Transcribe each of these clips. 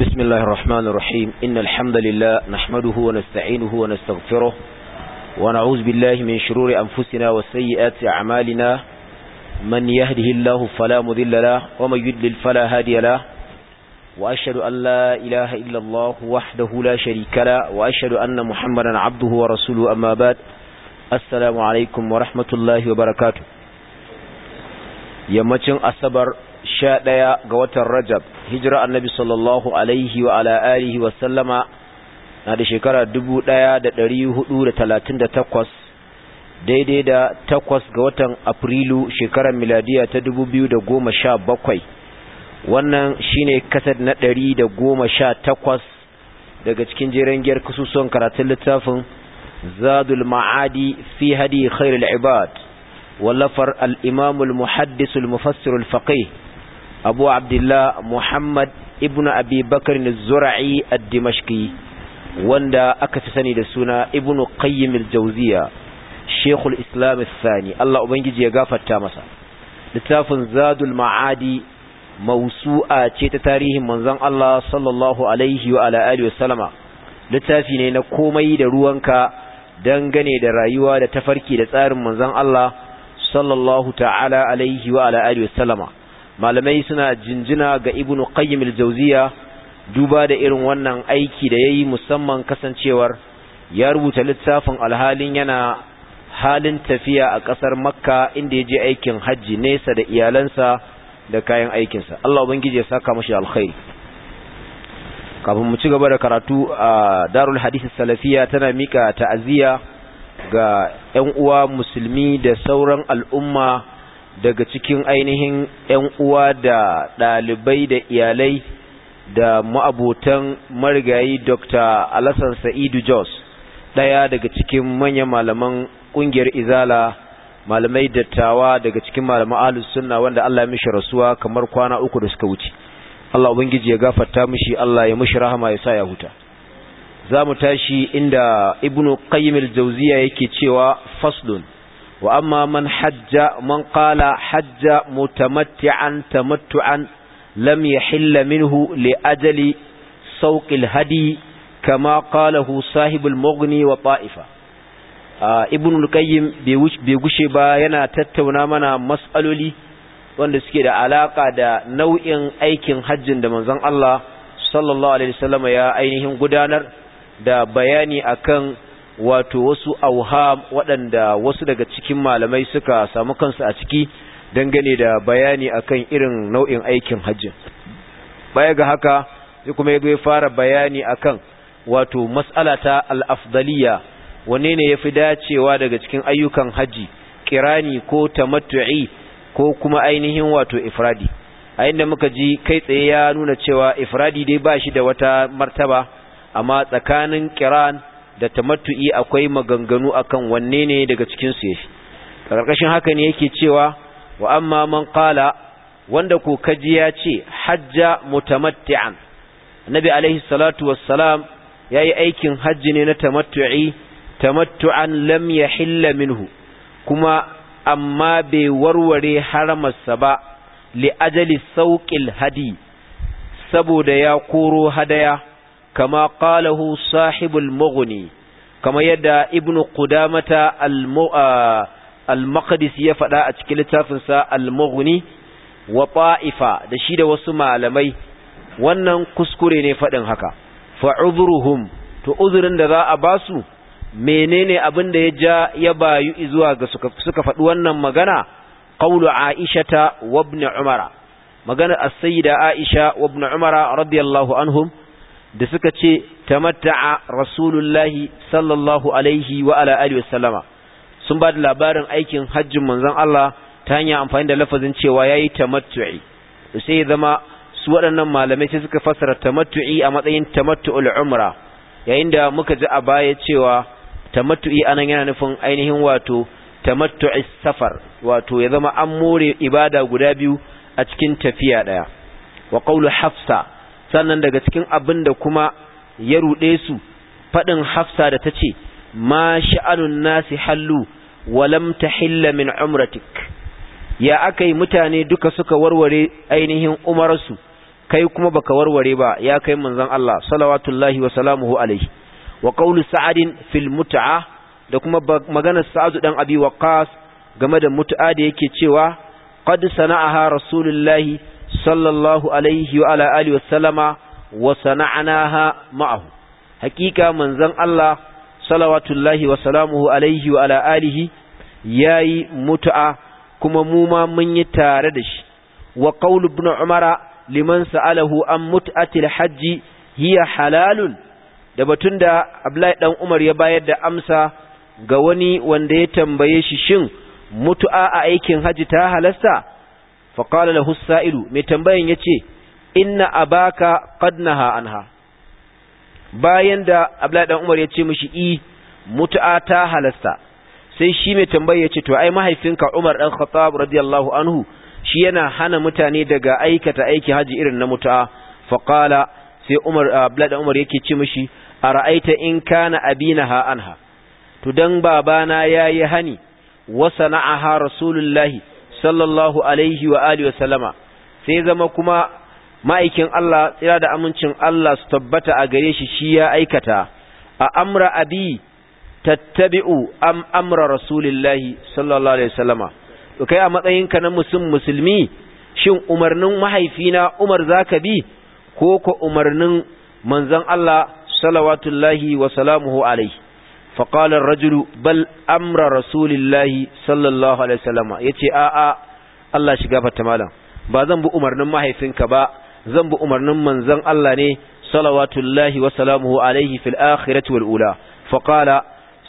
بسم الله الرحمن الرحيم إن الحمد لله نحمده ونستعينه ونستغفره ونعوذ بالله من شرور أنفسنا وسيئات أعمالنا من يهده الله فلا مذل له ومن يدلل فلا هادي له وأشهد أن لا إله إلا الله وحده لا شريك له وأشهد أن محمدا عبده ورسوله أما بعد السلام عليكم ورحمة الله وبركاته yammacin asabar sha ɗaya ga watan rajab hijira annabi sallallahu alaihi wa ala alihi wa sallama na da shekara dubu ɗaya da ɗari hudu da talatin da takwas daidai da takwas ga watan afrilu shekarar miladiya ta dubu biyu da goma sha bakwai wannan shine kasad na ɗari da goma sha takwas daga cikin jeren giyar kasusuwan karatun littafin zadul ma'adi fi hadi khairul ibad wallafar al-imamul muhaddisul mufassirul faqih abu abdullah muhammad ibn abi bakar zura'i ad-dimashqi wanda aka fi sani da suna ibn qayyim al-jawziya shekul islam al-thani Allah ubangiji ya gafarta masa littafin zadul ma'adi mausu'a ce ta tarihin manzon Allah sallallahu alaihi wa ala alihi wasallama littafi ne na komai da ruwanka dangane da rayuwa da tafarki da tsarin manzon Allah sallallahu ta'ala alaihi wa ala alihi wasallama malamai suna jinjina ga ibnu qayyim al-jawziya duba da irin wannan aiki da yayi musamman kasancewar ya rubuta littafin alhalin yana halin tafiya a kasar makka inda ya je aikin hajji nesa da iyalansa da kayan aikinsa Allah ubangije ya saka mashi alkhairi kafin mu ci gaba da karatu a darul hadith salafiya tana mika ta'aziyya ga 'yan uwa musulmi da sauran al'umma daga cikin ainihin ‘yan uwa da ɗalibai da iyalai da ma'abotan marigayi Dr. Alassan Sa'idu Jos, ɗaya daga cikin manyan malaman ƙungiyar Izala, malamai dattawa daga cikin malaman Ahlus Sunna wanda Allah ya mishi rasuwa kamar kwana uku da suka wuce. Allah Ubangiji ya gafarta mishi, Allah ya mishi rahama ya sa ya huta. Za mu tashi inda Ibnu Qayyim al-Jawziya yake cewa faslun wa amma man hajja man qala hajja mutamatti'an tamattu'an lam yahilla minhu li ajali sauqil hadi kama qalahu sahibul mughni wa ta'ifa ibn al-qayyim bai gushe ba yana tattauna mana mas'aloli wanda suke da alaka da nau'in aikin hajjin da manzon Allah sallallahu alaihi wasallam ya ainihin gudanar da bayani akan wato wasu auham waɗanda wasu daga cikin malamai suka samu kansu a ciki dangane da bayani akan irin nau'in aikin hajji baya ga haka sai kuma ya ya fara bayani akan wato mas'ala ta al-afdaliya wanne ne fi dacewa daga cikin ayyukan haji kirani ko tamattu'i ko kuma ainihin wato ifradi a inda muka ji kai tsaye ya nuna cewa ifradi dai ba shi da wata martaba amma tsakanin kiran da tamattu'i akwai maganganu akan wanne ne daga cikin su yake karkashin haka ne yake cewa wa amma man qala wanda ko kaji ya ce hajja mutamatti'an annabi alaihi salatu wassalam yayi aikin hajji ne na tamattu'i tamattu'an lam yahilla minhu kuma amma bai warware haramarsa ba li ajali sauqil hadi saboda ya koro hadaya kama qalahu sahibul mughni kama yadda ibnu qudamata al ya faɗa a cikin littafinsa al-mughni wa ta'ifa da shi da wasu malamai wannan kuskure ne faɗin haka fa uzruhum to uzurin da za a basu menene abin da ya ja ya bayu zuwa ga suka faɗi wannan magana qawlu aishata wa ibn umara magana as-sayyida aisha wa ibn umara radiyallahu anhum da suka ce tamatta'a rasulullahi sallallahu alaihi wa ala alihi wasallama sun ba da labarin aikin hajjin manzon Allah ta hanyar amfani da lafazin cewa yayi tamattu'i sai zama su waɗannan malamai sai suka fassara tamattu'i a matsayin tamattu'ul umra yayin da muka ji a baya cewa tamattu'i anan yana nufin ainihin wato tamattu'i safar wato ya zama an more ibada guda biyu a cikin tafiya daya wa qawlu hafsa sannan daga cikin abin da kuma ya ruɗe su faɗin hafsa da ta ce ma sha'anun nasi hallu walam tahilla min umratik ya aka yi mutane duka suka warware ainihin umarsu kai kuma baka warware ba ya kai manzon Allah salawatullahi wa salamuhu alaihi wa qawlu sa'adin fil mut'a da kuma magana sa'adu dan abi waqas game da mut'a da yake cewa qad sana'aha rasulullahi sallallahu alaihi wa ala alihi wasallama wa sana'naha ma'ahu hakika manzon Allah salawatullahi wa salamuhu alaihi wa ala alihi yayi mut'a kuma mu ma mun yi tare da shi wa qaul ibn umara liman sa'alahu an mut'atil hajji hiya halalun da batun da Abdullahi dan Umar ya bayar da amsa ga wani wanda ya tambaye shi shin mutu'a a aikin Hajji ta halasta فقال له السائل متنبين يتي إن أباك قد نهى عنها bayan da Abdullahi dan Umar ya ce mishi i mut'a ta halasta sai shi mai tambaya ya ce to ai mahaifinka Umar dan Khattab radiyallahu anhu shi yana hana mutane daga aikata aiki haji irin na mutu'a faqala sai Umar Abdullahi Umar yake ce mishi ara'aita in kana abinaha anha to dan babana yayi hani wa sana'aha rasulullahi sallallahu alaihi wa alihi wasallama sai zama kuma ma'aikin Allah tsira da amincin Allah su tabbata a gare shi shi ya aikata a amra abi tattabi'u am amra rasulillahi sallallahu alaihi wasallama to kai a matsayinka na musulmi musulmi shin umarnin mahaifina Umar zaka bi ko ko umarnin manzon Allah salawatullahi wa salamuhu alaihi faƙalar rajulu bal amra rasulillahi sallallahu alaihi wasallama ya ce a'a Allah shiga fata malam ba zan bi umarnin mahaifinka ba zan bi umarnin manzon Allah ne salawatullahi wa salamuhu alaihi fil akhirati wal ula faqala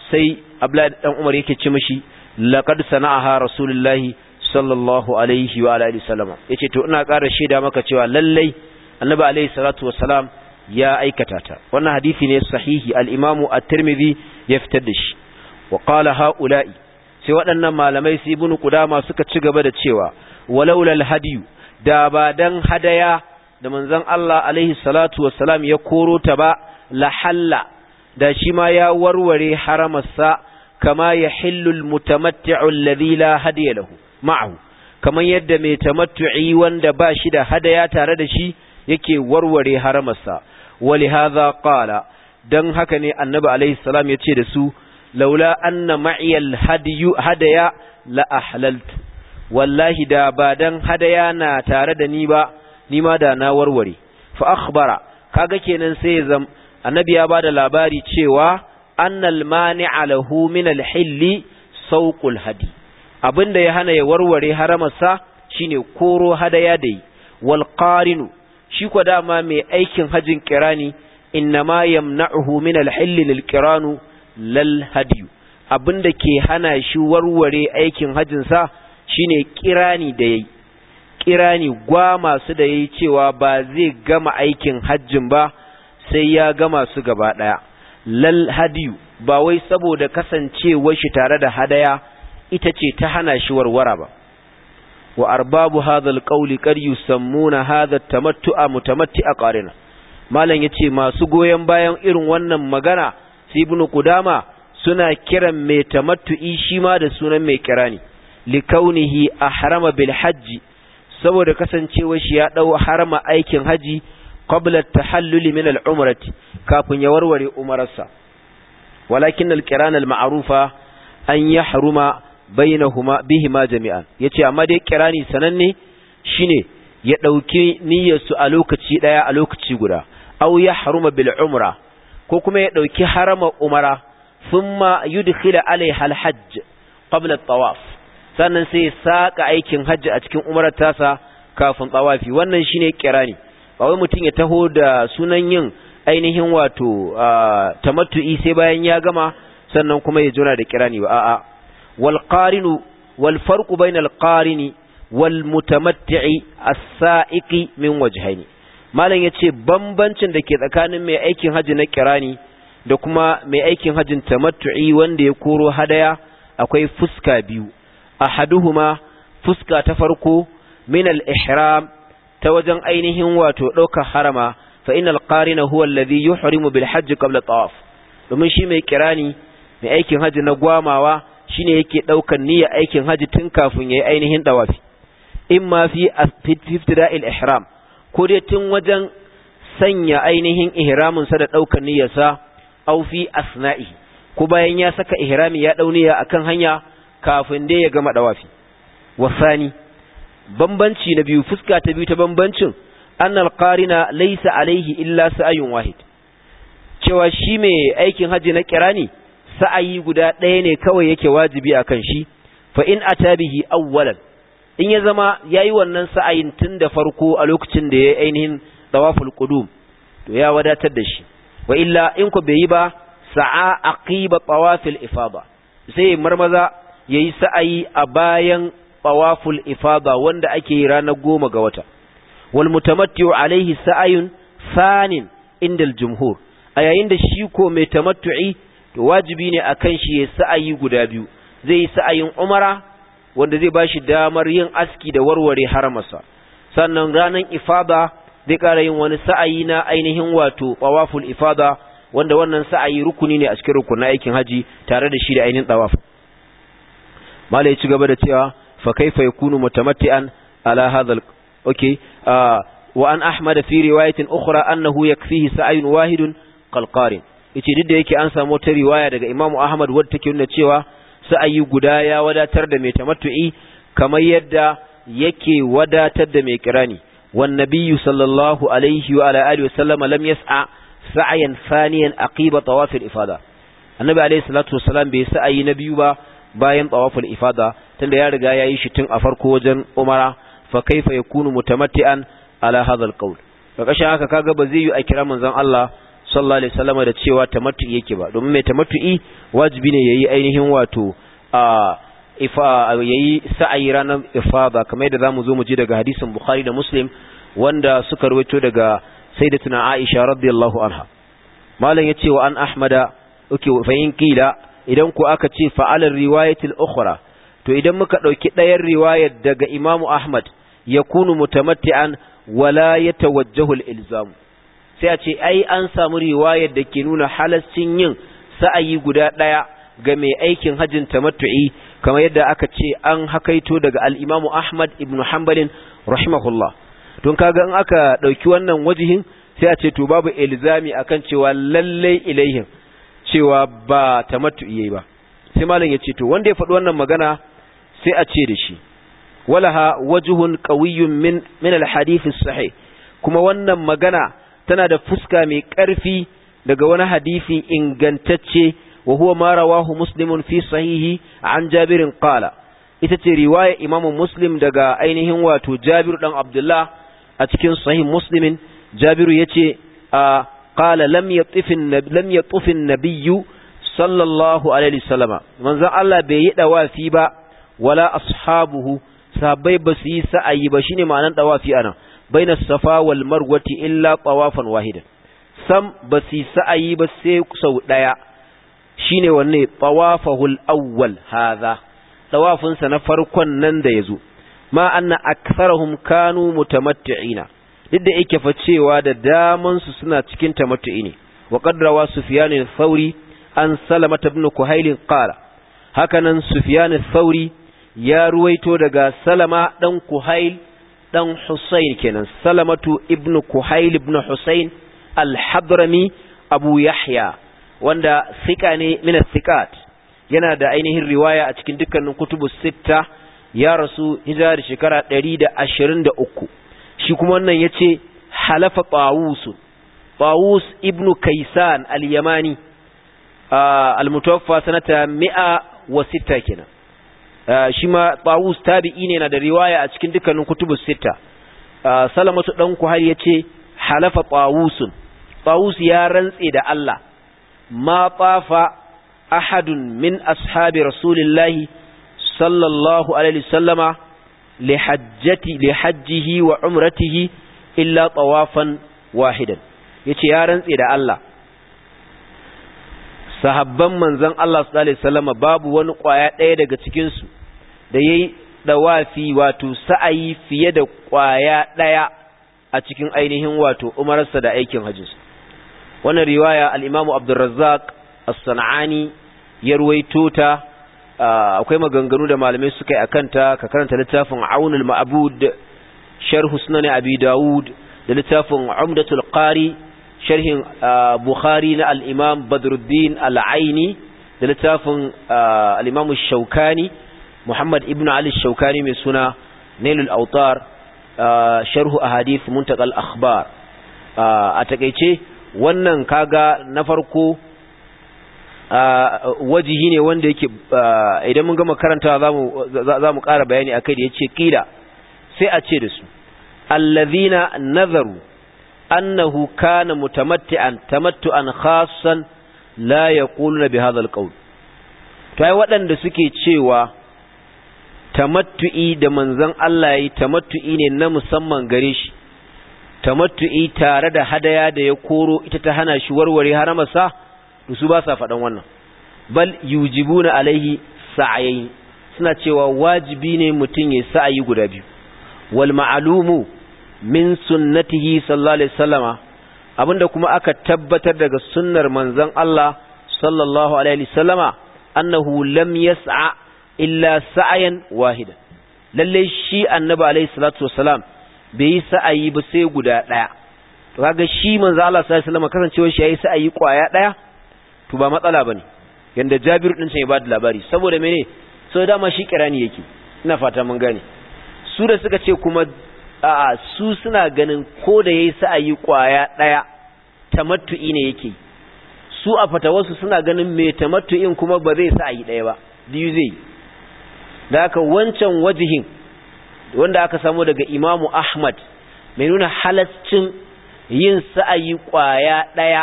sai Abdullahi dan Umar yake ce mishi laqad sana'aha rasulullahi sallallahu alaihi wa alihi wasallama yace to ina ƙara shaida maka cewa lallai annabi alaihi salatu wassalam ya aikata ta wannan hadisi ne sahihi al-imamu at-tirmidhi ya fitar da shi wa qala haula'i sai waɗannan malamai su ibnu qudama suka ci gaba da cewa walaula al-hadiyu da ba dan hadaya da manzon Allah alaihi salatu wassalam ya koro ta ba la halla da shi ma ya warware haramarsa kama ya hillul mutamatti'u alladhi la hadiya lahu ma'ahu kaman yadda mai tamattu'i wanda ba shi da hadaya tare da shi yake warware haramarsa ولهذا قال dan haka ne annabi alaihi salam yace da su laula anna ma'iyal hadaya la ahlalt wallahi da ba dan hadaya na tare da ni ba ni ma da na warware fa akhbara kaga kenan sai zam annabi ya ba da labari cewa annal mani'a lahu min al hilli sauqul hadi abinda ya hana ya warware haramarsa shine koro hadaya dai wal qarinu shi kwa dama mai aikin hajin kirani innama yamna'uhu min al-hill lil-qiranu lal-hadiyu abinda ke hana shi warware aikin hajin sa shine kirani da yayi kirani gwa masu da yayi cewa ba zai gama aikin hajjin ba sai ya gama su gaba daya lal-hadiyu ba wai saboda kasancewar shi tare da hadaya ita ce ta hana shi warwara ba wa arbabu hadha alqawli qad yusammuna hadha tamattu'a mutamatti'a qarina malam ya ce masu goyon bayan irin wannan magana su ibnu qudama suna kiran mai tamattu'i shima da sunan mai kirani likaunihi ahrama bil hajji saboda kasancewar shi ya dau harama aikin haji qabla tahalluli min al kafin ya warware umararsa walakin al qiran al ma'rufa an yahruma bainahuma bihima jami'an yace amma dai kirani sananne shine ya ɗauki niyyar su a lokaci ɗaya a lokaci guda aw haruma bil umra ko kuma ya ɗauki harama umara thumma yudkhila alaiha al hajj qabla tawaf sannan sai saka aikin hajji a cikin umrar tasa kafin tsawafi wannan shine kirani ba wai mutum ya taho da sunan yin ainihin wato ah, tamattu'i sai bayan ya gama sannan kuma ya jona da kirani ba a'a wal qarinu wal farqu bayna wal mutamatti'i as-sa'iqi min wajhaini malam ce bambancin da ke tsakanin mai aikin hajji na kirani da kuma mai aikin hajin tamattu'i wanda ya koro hadaya akwai fuska biyu ahaduhuma fuska ta farko min al-ihram ta wajen ainihin wato ɗaukar harama fa innal qarina huwa alladhi yuhrimu bil hajj qabla tawaf domin shi mai kirani mai aikin hajji na gwamawa ne yake ɗaukar niyyar aikin haji tun kafin ya yi ainihin ɗawafi. in ma fi il ihram ko dai tun wajen sanya ainihin ihraminsa da ɗaukar niyyarsa au fi asna'i ko bayan ya saka ihrami ya ɗau niyya akan hanya kafin dai ya gama ɗawafi. wasani bambanci na biyu fuska ta biyu ta bambancin an alƙarina laisa alaihi illa sa'yun wahid cewa shi mai aikin haji na kirani sa'ayi guda ɗaya ne kawai yake wajibi a kan shi fa in atabihi awwalan in ya zama yayi wannan sa'ayin tun da farko a lokacin da ya yi ainihin tawaful qudum to ya wadatar da shi wa illa in ku bai yi ba sa'a aqiba tawafil ifada sai marmaza yayi sa'ayi a bayan tawaful ifaba wanda ake yi ranar goma ga wata wal mutamattiu alaihi sa'ayun sanin indal jumhur a yayin da shi ko mai tamattu'i to wajibi ne akan shi ya sa'ayi guda biyu zai yi sa'ayin umara wanda zai bashi damar yin aski da warware haramarsa sannan ranar ifada zai ƙara yin wani sa'ayi na ainihin wato tawaful ifada wanda wannan sa'ayi rukuni ne a cikin rukunin aikin haji tare da shi da ainihin tawaf mallai ya ci gaba da cewa fa kaifa yakunu mutamatti'an ala hadhal okay ah, wa an ahmad fi riwayatin ukhra annahu yakfihi sa'ayun wahidun qalqarin yace duk da yake an samu wata riwaya daga Imam Ahmad wadda take nuna cewa sa'ayi guda ya wadatar da mai tamattu'i kamar yadda yake wadatar da mai kirani wan nabiyyu sallallahu alaihi wa ala alihi wa lam yas'a sa'yan saniyan aqiba tawaf al-ifada annabi alaihi salatu wassalam bai sa'ayi na biyu ba bayan tawaf al-ifada tunda ya riga yayi shi tun a farko wajen umara fa kaifa yakunu mutamatti'an ala hadha al-qawl haka kaga ba zai yi a kira manzon Allah sallallahu alaihi wasallam da cewa tamattu'i yake ba domin mai tamattu'i wajibi ne yayi ainihin wato a ifa yayi sa'ayi ranar ifada kamar yadda zamu zo mu ji daga hadisin Bukhari da Muslim wanda suka rawaito daga sayyidatuna Aisha radiyallahu anha malam yace wa an Ahmada uke fa in idan ku aka ce fa'alar riwayatil ukhra to idan muka dauki ɗayan riwayar daga Imam Ahmad yakunu mutamatti'an wala yatawajjahu al-ilzam sai a ce ai an samu riwayar da ke nuna halascin yin sa'ayi guda ɗaya ga mai aikin hajjin tamattu'i kamar yadda aka ce an hakaito daga al'imamu Ahmad ibn Hanbalin rahimahullah don kaga in aka ɗauki wannan wajihin sai a ce to babu ilzami akan cewa lallai ilaihin cewa ba tamattu'i ba sai malam ya ce to wanda ya faɗi wannan magana sai a ce da shi walaha wajuhun qawiyyun min min al-hadith as kuma wannan magana tana da fuska mai ƙarfi daga wani hadisi ingantacce wa huwa ma rawahu muslimun fi sahihi an jabirin qala ita ce riwaya imamu muslim daga ainihin wato jabiru dan abdullah a cikin sahih muslimin jabiru yace a qala lam yatifin lam yatufin nabiyyu sallallahu alaihi wasallama manzon Allah bai yi dawafi ba wala ashabuhu sahabbai ba su yi sa'ayi ba shine ma'anar dawafi anan baina safa wal marwati illa tawafan wahidan sam ba su sa'ayi ba sai sau daya shine wanne tawafahul awwal hadha tawafin sa na farkon nan da yazo ma anna aktharuhum kanu mutamatti'ina duk da yake fa cewa da daman su suna cikin tamattu'i ne wa qad rawa sufyan al-thawri an salama ibn kuhail qala hakanan sufyan al-thawri ya ruwaito daga salama dan kuhail dan Hussein kenan Salamatu ibnu Kuhail ibn Hussein al-Hadrami Abu Yahya wanda sika ne min sikat yana da ainihin riwaya a cikin dukkanin kutubu sita ya rasu hijira da shekara 123 shi kuma wannan yace halafa Tawus Tawus ibnu Kaysan al-Yamani al-mutawaffa sanata 106 kenan Ah, shi ma tawus tabi'i ne na da riwaya a cikin dukkanin kutubus sita ah, salamatu dan har yace halafa tawusun tawus ya rantse da Allah ma tafa ahadun min ashabi rasulillahi sallallahu alaihi wasallama li hajjati li hajjihi wa umratihi illa tawafan wahidan yace ya rantse da Allah sahabban manzon Allah sallallahu alaihi wasallam babu wani kwaya ɗaya daga cikin su da yayi dawafi wato sa'ayi fiye da kwaya ɗaya a cikin ainihin wato umararsa da aikin hajjinsa wannan riwaya al-Imam Abdul Razzaq As-Sanani ya ruwaito ta akwai maganganu da malamai suka yi akan ta ka karanta littafin Aunul Ma'bud Sharh Sunan Abi Dawud da littafin Umdatul Qari sharhin ah, bukhari na al'imam badruddin al'aini da littafin ah, al'imamu shaukani muhammad ibn ali shaukani mai suna nailul autar ah, sharhu a hadith muntakal akhbar a takaice wannan kaga na farko wajihi ne wanda yake idan mun gama karanta za mu ƙara bayani a kai da ya ce ƙila sai a ce da su allazina nazaru annahu kana mutamatti'an tamattu'an khassan la yaquluna bi hadha alqawl to ai waɗanda suke cewa tamattu'i da manzon Allah yayi tamattu'i ne na musamman gare shi tamattu'i tare da hadaya da ya koro ita ta hana shi warware haramarsa su ba sa faɗan wannan bal yujibuna alaihi sa'ayi suna cewa wajibi ne mutum ya sa'ayi guda biyu wal ma'lumu min sunnatihi sallallahu alaihi wasallama abinda kuma aka tabbatar daga sunnar manzon Allah sallallahu alaihi wasallama annahu lam yas'a illa sa'yan wahida lalle shi annabi alaihi salatu wasalam bai yi sa'ayi ba sai guda daya to kaga shi manzo Allah sallallahu alaihi wasallam kasancewar shi yayi sa'ayi kwaya daya to ba matsala bane yanda Jabir din sai ya bada labari saboda mene so dama shi kirani yake ina fata mun gane su da suka ce kuma a'a su suna ganin ko da yayi sa'ayi kwaya daya tamattu'i ne yake su a fatawarsu suna ganin mai tamattu'in kuma ba zai sa'ayi ɗaya ba biyu zai da haka wancan wajihin wanda aka samu daga imamu ahmad mai nuna halaccin yin sa'ayi kwaya ɗaya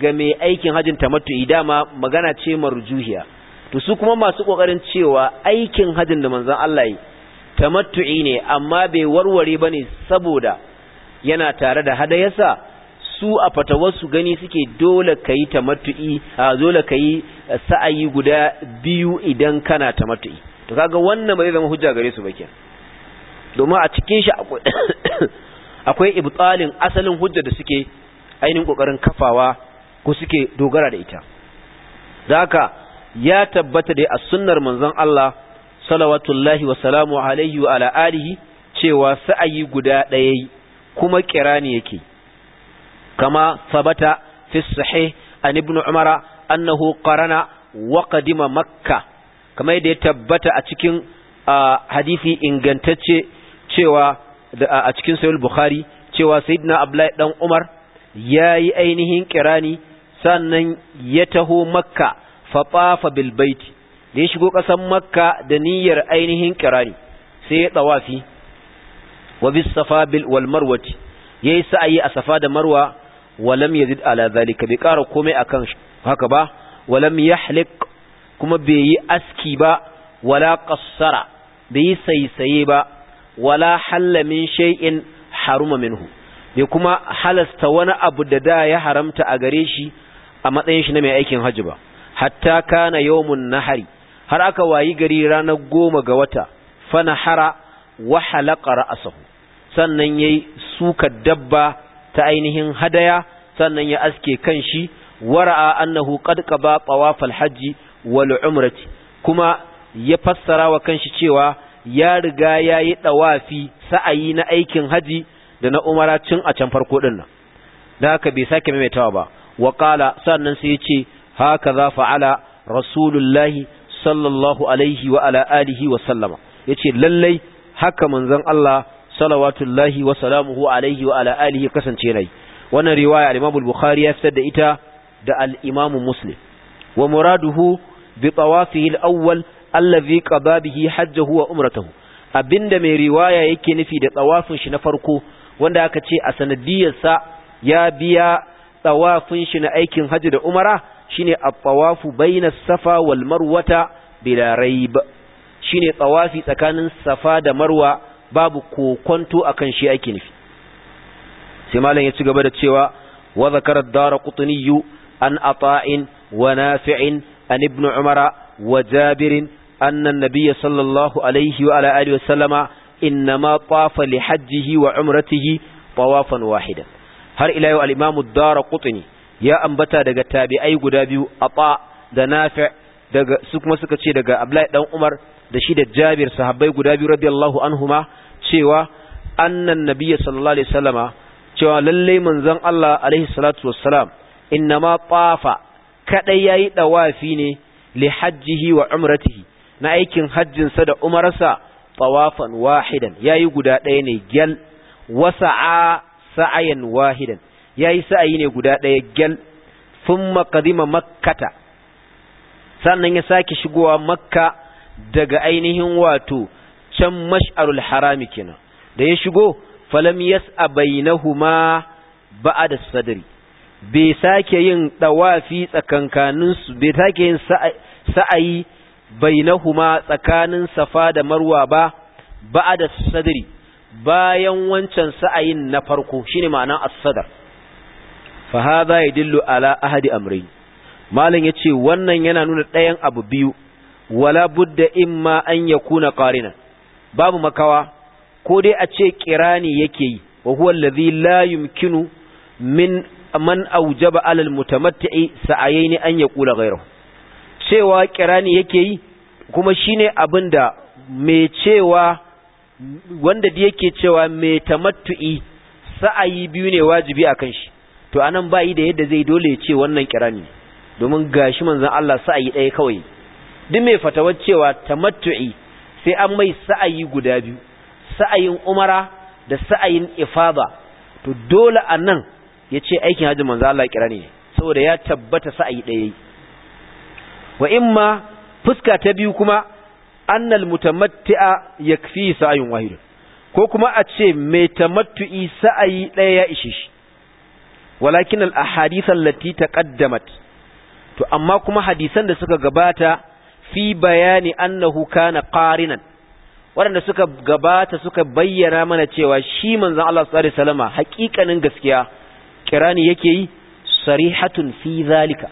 ga mai aikin hajin tamattu'i dama magana ce marjuhiya to su kuma masu kokarin cewa aikin hajin da manzon Allah yi tamattu'i ne amma bai warware bane saboda yana tare da hadayarsa su a fatawarsu gani suke dole kayi tamattu'i a dole kayi sa'ayi guda biyu idan kana tamattu'i to kaga wannan bai zama hujja gare su ba domin a cikin shi akwai ibtalin asalin hujja da suke ainihin kokarin kafawa ko suke dogara da ita zaka ya tabbata dai a sunnar manzon Allah salawatullahi wa salamu alaihi wa ala alihi cewa sa'ayi guda ɗaya kuma kirani yake kama sabata fi sahih an ibn umara annahu qarana wa qadima makka kama yadda ya tabbata a cikin hadisi ingantacce cewa a cikin sahih bukhari cewa sayyidina abdullahi dan umar yayi ainihin kirani sannan ya taho makka fa tafa bil baiti da ya shigo ƙasar makka da niyyar ainihin kirani sai ya tsawafi wa bis safa bil wal marwati yayi sa'ayi a safa da marwa walam yazid ala zalika bai ƙara komai akan haka ba walam yahlik kuma bai yi aski ba wala qassara bai saisaye ba wala halla min shay'in haruma minhu bai kuma halasta wani abu da da ya haramta a gare shi a matsayin shi na mai aikin hajji ba hatta kana yawmun nahari har aka wayi gari ranar goma ga wata fana hara wa halaka ra'asahu sannan ya yi suka dabba ta ainihin hadaya sannan ya aske kan kanshi wara'a annahu qad ba tawaf hajji wal kuma ya fassara wa kan shi cewa ya riga ya yi ɗawafi sa'ayi na aikin haji da na umara tun a can farko ɗin nan da haka bai sake maimaitawa ba wa ƙala sannan sai ya ce haka za fa'ala rasulullahi sallallahu alaihi wa ala alihi wa sallama yace lallai haka manzon Allah salawatullahi wa salamuhu alaihi wa ala alihi kasance nayi wannan riwaya al-Imam al-Bukhari ya fitar da ita da al-Imam Muslim wa muraduhu bi tawafihi al-awwal allazi qada bihi hajjahu wa umratahu abinda mai riwaya yake nufi da tawafin shi na farko wanda aka ce a sa ya biya tawafin shi na aikin hajji da umara shine at-tawafu bayna safa wal marwata bila raib shine tsawafi tsakanin safa da marwa babu kokonto akan shi ake nufi sai malam ya ci gaba da cewa wa zakara ad-daraqutni an ata'in wa nafi'in an ibn umara wa jabirin anna sallallahu alaihi wa ala alihi wa sallama innama tafa li hajjihi wa umratihi tawafan wahidan har ila yau al-imam ad-daraqutni ya ambata daga tabi'ai guda biyu aba da nafi' daga su kuma suka ce daga abdullahi dan umar da shi da jabir sahabbai guda biyu radiyallahu anhuma cewa annan nabiyyi sallallahu alaihi wasallama cewa lalle manzon Allah alaihi salatu wassalam ma tafa kadai yayi dawafi ne li hajjihi wa umratihi na aikin hajjin sa da umarsa tawafan wahidan yayi guda ɗaya ne gyal wasa'a sa'ayan wahidan yayi sa'ayi ne guda ɗaya gyal thumma qadima makkata sannan ya sake shigowa makka daga ainihin wato can mash'arul harami kenan da ya shigo falam a bainahuma da sadari bai sake yin ɗawafi tsakankaninsu bai sake yin sa'ayi bainahuma tsakanin safa da marwa ba da sadari bayan wancan sa'ayin na farko shine ma'ana as sadar fa hadha yadullu ala ahadi amrayn malam yace wannan yana nuna ɗayan abu biyu wala budda imma an yakuna qarina babu makawa ko dai a ce kirani yake yi wa huwa alladhi la yumkinu min man awjaba ala almutamatti'i sa'ayaini an yaqula ghayruhu cewa kirani yake yi kuma shine abinda mai cewa wanda da yake cewa mai tamattu'i sa'ayi biyu ne wajibi akan shi to anan bayi da yadda zai dole ya ce wannan kirani domin gashi manzon Allah sa'ayi ɗaya kawai duk mai fatawar cewa tamattu'i sai an mai sa'ayi guda biyu sa'ayin umara da sa'ayin ifada to dole anan ya ce aikin hajji manzon Allah kirani ne saboda ya tabbata sa'ayi ɗaya wa imma fuska ta biyu kuma annal mutamatti'a yakfi sa'ayin wahid ko kuma a ce mai tamattu'i sa'ayi ɗaya ya ishe shi walakin al-ahadith allati taqaddamat to amma kuma hadisan da suka gabata fi bayani annahu kana qarinan waɗanda suka gabata suka bayyana mana cewa shi manzan Allah sallallahu alaihi haƙiƙanin gaskiya kirani yake yi sarihatun fi zalika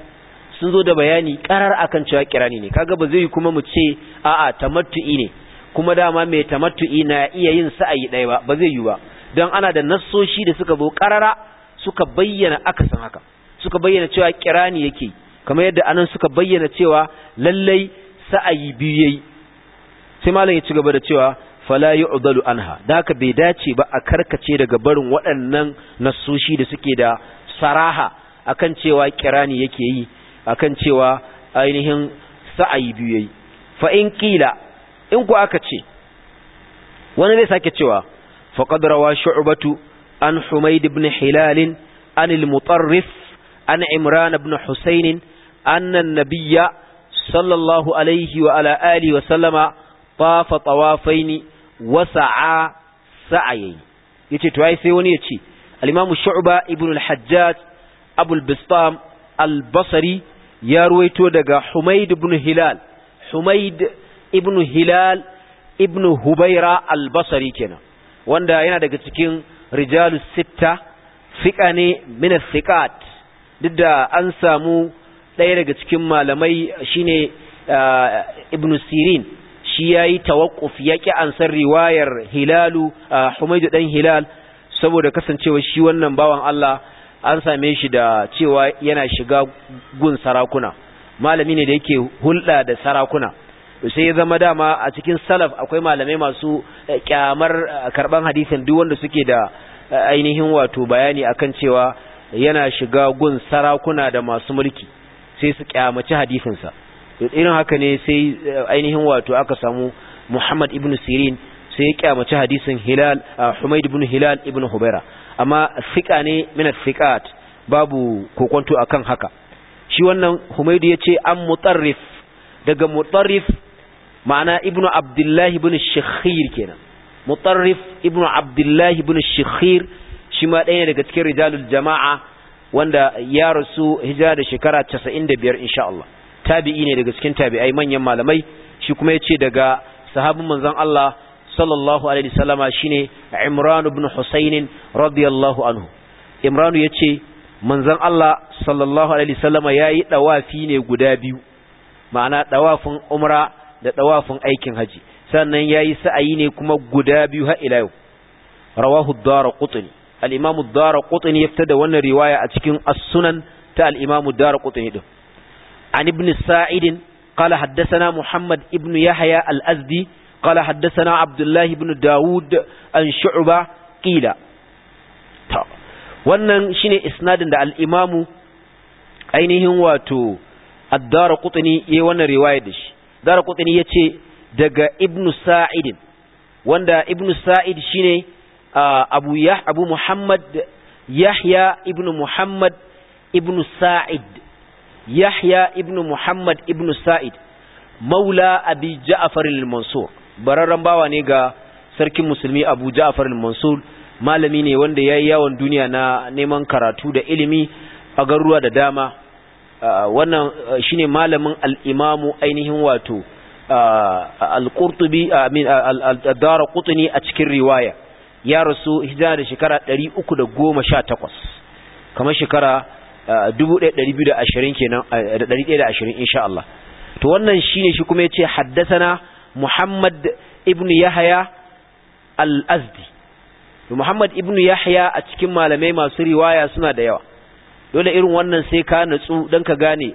sun zo da bayani karar akan cewa kirani ne kaga ba zai kuma mu ce a'a tamattu'i ne kuma dama mai tamattu'i na iya yin sa'ayi ɗaya ba ba zai yi ba don ana da nassoshi da suka zo ƙarara. suka bayyana san haka suka bayyana cewa kirani yake kamar yadda anan suka bayyana cewa lallai sa'ayi biyu yayi sai malam ya ci gaba da cewa fala yu'dalu anha da haka bai dace ba a karkace daga barin waɗannan nasoshi da suke da saraha akan cewa kirani yake yi akan cewa ainihin sa'ayi biyu yayi fa in qila in ku aka ce wani zai sake cewa faqad rawa an Humayd ibn Hilal an al-Mutarrif an Imran ibn Husayn anna an-nabiyya sallallahu alayhi wa ala wa sallama tafa tawafaini wa sa'a sa'ayi yace to ai sai wani yace al-Imam Shu'ba ibn al-Hajjaj al-Bistam al-Basri ya ruwaito daga Humayd ibn Hilal Humayd ibn Hilal Hubaira al-Basri kenan wanda yana daga cikin rijalu sitta fiqa ne min thiqat duk da an samu ɗaya daga cikin malamai shine eh, ibnu sirin shi yayi tawaqquf yaki ansar riwayar hilalu eh, humaydu dan hilal saboda kasancewa shi wannan bawan Allah an same shi da cewa yana shiga gun sarakuna malami ne da yake hulɗa da sarakuna sai ya zama dama a cikin salaf akwai malamai masu eh, kyamar eh, karban hadisin duk wanda suke da eh, ainihin wato bayani akan cewa yana shiga gun sarakuna da masu mulki sai su kyamaci hadisinsa irin haka ne sai ainihin wato aka samu Muhammad ibn Sirin sai ya kyamaci hadisin Hilal humaid ibn Hilal ibn Hubaira amma fiqa ne min fiqat babu kokonto akan haka shi wannan ya ce an mutarrif daga mutarrif ma'ana ibnu abdullahi ibn shakhir kenan mutarrif ibnu abdullahi ibn shakhir shi ma ɗaya daga cikin rijalul jama'a wanda ya rasu hijira da shekara 95 insha Allah tabi'i ne daga cikin tabi'ai manyan malamai shi kuma yace daga sahabin manzon Allah sallallahu alaihi wasallama shine Imran ibn Husayn radiyallahu anhu Imran yace manzon Allah sallallahu alaihi wasallama yayi dawafi ne guda biyu ma'ana dawafin umra da dawafin aikin haji sannan yayi sa'ayi ne kuma guda biyu har ila yau rawahu ad-darqutni al-imam ad-darqutni yafta da wannan riwaya a cikin as-sunan ta al-imam ad-darqutni din an ibn sa'id qala haddathana muhammad ibn yahya al-azdi qala حدثنا عبد الله بن داود عن شعبة قيل wannan shine isnadin da al-imamu ainihin wato ad-Darqutni yayi wannan riwaya da shi dara kutini ya ce daga ibnu sa'id wanda ibnu sa'id shine abu yah abu muhammad yahya ibnu muhammad ibnu sa'id yahya ibnu muhammad ibnu sa'id maula abi ja'far al-mansur bararran bawa ne ga sarkin musulmi abu ja'far al-mansur malami ne wanda yayi yawon duniya na neman karatu da ilimi a garuruwa da dama Ah, ah, wannan ah, shine malamin al-imamu ainihin wato al-qurtubi amin al qutni a cikin riwaya ya rasu hijira da shekara 318 kamar shekara 1220 kenan 120 insha Allah to wannan shine shi kuma yace haddathana Muhammad ibn Yahya al-Azdi Muhammad ibn Yahya a cikin malamai masu riwaya suna da yawa dole irin wannan sai ka natsu dan ka gane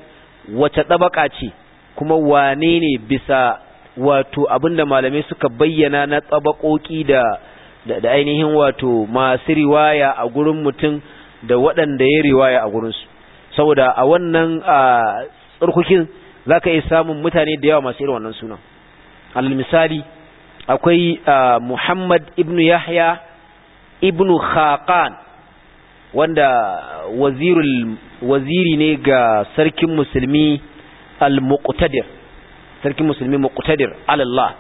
wace ɗabaƙa ce kuma wane ne bisa wato abinda malamai suka bayyana na tsabakoki da da ainihin wato masu riwaya a gurin mutum da waɗanda ya riwaya a gurinsu saboda a wannan tsarkukin za ka iya samun mutane da yawa masu irin wannan sunan alal misali akwai muhammad ibnu yahya ibnu khaqan wanda wazirul waziri ne ga sarkin musulmi al-muqtadir sarkin musulmi muqtadir alallah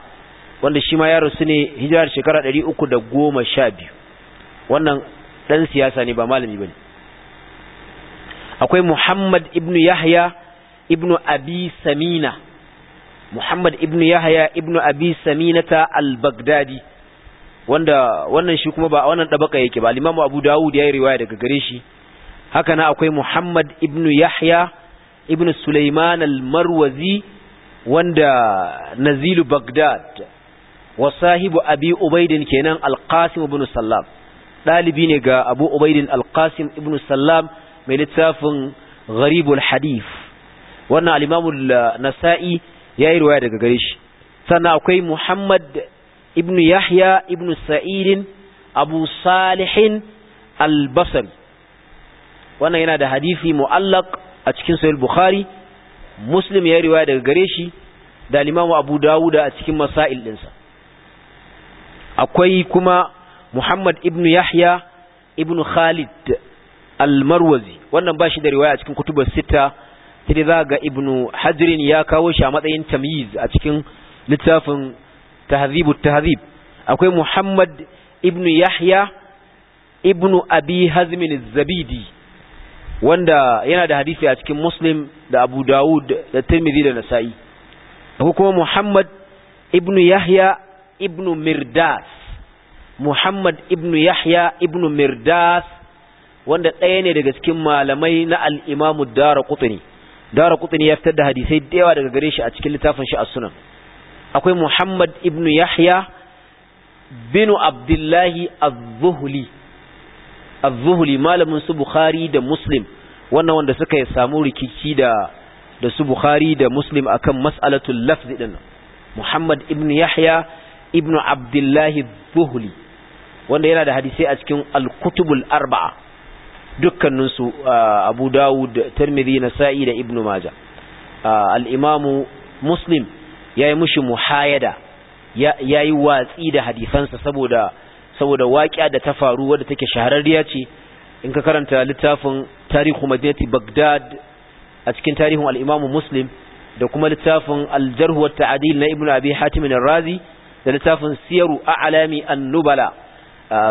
wanda shi ma ya rasu ne hijirar shekara 312 wannan dan siyasa ne ba malami bane akwai Muhammad ibn Yahya ibn Abi Samina Muhammad ibn Yahya ibn Abi Saminata al-Baghdadi wanda wannan shi kuma ba wannan dabaka yake ba al Abu Dawud ya yi riwaya daga gare shi haka na akwai Muhammad ibn Yahya ibn Sulaiman al-Marwazi wanda nazilu Baghdad wa sahibu Abi Ubaidin kenan al-Qasim ibn Sallam dalibi ne ga Abu Ubaidin al-Qasim ibn Sallam mai littafin Gharibul Hadith wannan al-Imam nasai ya yi riwaya daga gare shi sannan akwai Muhammad ibnu yahya ibnu sa'idin abu salihin albasari wannan yana da hadisi mu'allaq a cikin sahih bukhari muslim ya riwaya daga gare shi da limamu abu dawuda a cikin masail dinsa akwai kuma muhammad ibn yahya ibn khalid almarwazi wannan ba shi da riwaya a cikin kutubar sita sai za ga ibn hajrin ya kawo shi a matsayin tamyiz a cikin littafin tahzibu tahdhib akwai muhammad ibnu yahya ibnu abi hazmin zabidi wanda yana da hadisi a cikin muslim da abu dawud da tirmidhi da nasa'i akwai kuma muhammad ibnu yahya ibnu mirdas muhammad ibn yahya ibnu mirdas wanda ɗaya ne daga cikin malamai na al'imamu dara ad dara ya fitar da hadisai da yawa daga gare shi a cikin littafin shi as sunan akwai Muhammad ibn Yahya binu Abdullahi az-Zuhli az-Zuhli malamin su Bukhari da Muslim wannan wanda suka samu rikici da da su Bukhari da Muslim akan mas'alatul lafzi din Muhammad ibn Yahya ibn Abdullahi az-Zuhli wanda yana da hadisi a cikin al-kutubul arba'a dukkaninsu Abu Dawud, Tirmidhi, Nasa'i da Ibn Majah al-Imam Muslim ya yi mushi muhayada ya yi watsi da hadisansa saboda saboda waƙiya da ta faru wadda take shahararriya ce in ka karanta littafin tarihu madinati bagdad a cikin tarihin al'imamu muslim da kuma littafin aljarhu wa ta'adil na ibnu abi hatim razi da littafin siyaru a'lami an-nubala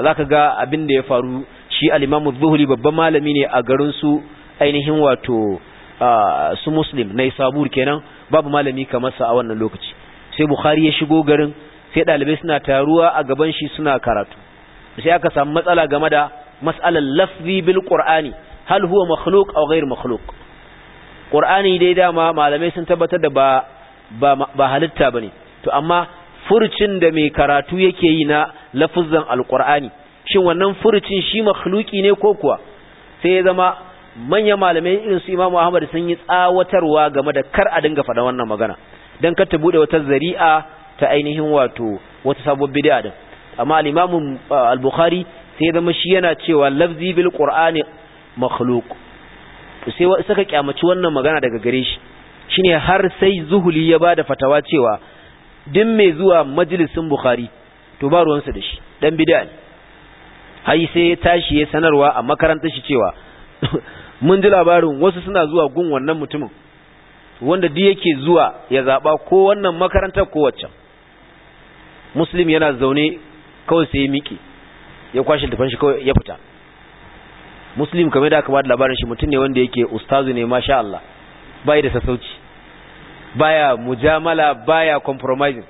zaka ga abin da ya faru shi al-imamu babban malami ne a garin su ainihin wato su muslim nay sabur kenan babu malami kamar sa a wannan lokaci sai bukhari ya shigo garin sai dalibai suna taruwa a gaban shi suna karatu sai aka samu matsala game da mas'alar lafzi bil qur'ani hal huwa makhluq aw ghayr makhluq qur'ani dai dama malamai sun tabbatar da ba ba halitta bane to amma furcin da mai karatu yake yi na lafuzan alqur'ani shin wannan furucin shi makhluki ne ko kuwa sai ya zama manyan malamai irin su Imam Ahmad sun yi tsawatarwa game da kar a dinga faɗa wannan magana dan kar ta bude wata zari'a ta ainihin wato wata sabuwar bid'a din amma al-Imam uh, al-Bukhari sai zama shi yana cewa lafzi bil Qur'ani makhluq sai saka kyamaci wannan magana daga gare shi shine har sai Zuhuli ya bada fatawa cewa din mai zuwa majalisin Bukhari to ba ruwansa da shi dan bid'a ne ai sai ya tashi ya sanarwa a makarantar shi cewa mun ji labarin wasu suna zuwa gun wannan mutumin wanda duk yake zuwa ya zaba ko wannan makarantar ko waccan muslim yana zaune kawai sai ya miƙe ya kwashe tufan shi kawai ya fita muslim kamar da aka ba da labarin shi mutum ne wanda yake ustazu ne masha Allah bai da sassauci baya mujamala baya compromising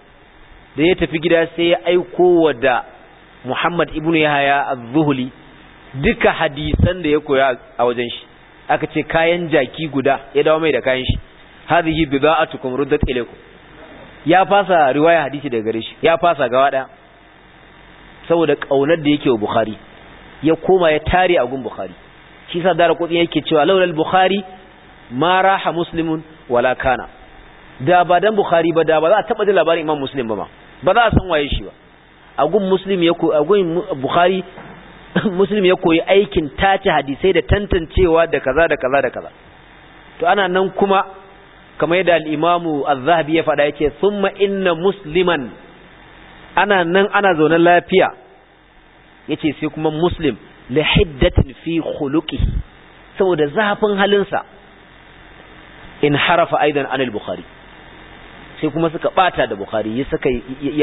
da ya tafi gida sai ya aiko wa da Muhammad ibnu Yahaya az-Zuhli duka hadisan da ya koya a wajen shi aka ce kayan jaki guda ya dawo mai da kayan shi hadhihi bida'atukum ruddat ilaykum ya fasa riwaya hadisi daga gare shi ya fasa gawa daya saboda kaunar da yake wa bukhari ya koma ya tare a gun bukhari shi sa dara kudin yake cewa laulal bukhari ma raha muslimun wala kana da ba dan bukhari ba da ba za a taba da labarin imam muslim ba ma ba za a san waye shi ba a gun muslim ya a gun bukhari muslim ya koyi aikin tace hadisai da tantancewa da kaza da kaza da kaza to ana nan kuma kamar yadda al-imamu az-zahabi ya faɗa yace summa inna musliman ana nan ana zaune lafiya yace sai kuma muslim li hiddatin fi khuluqihi saboda zafin halinsa in harafa aidan al bukhari sai kuma suka bata da bukhari ya saka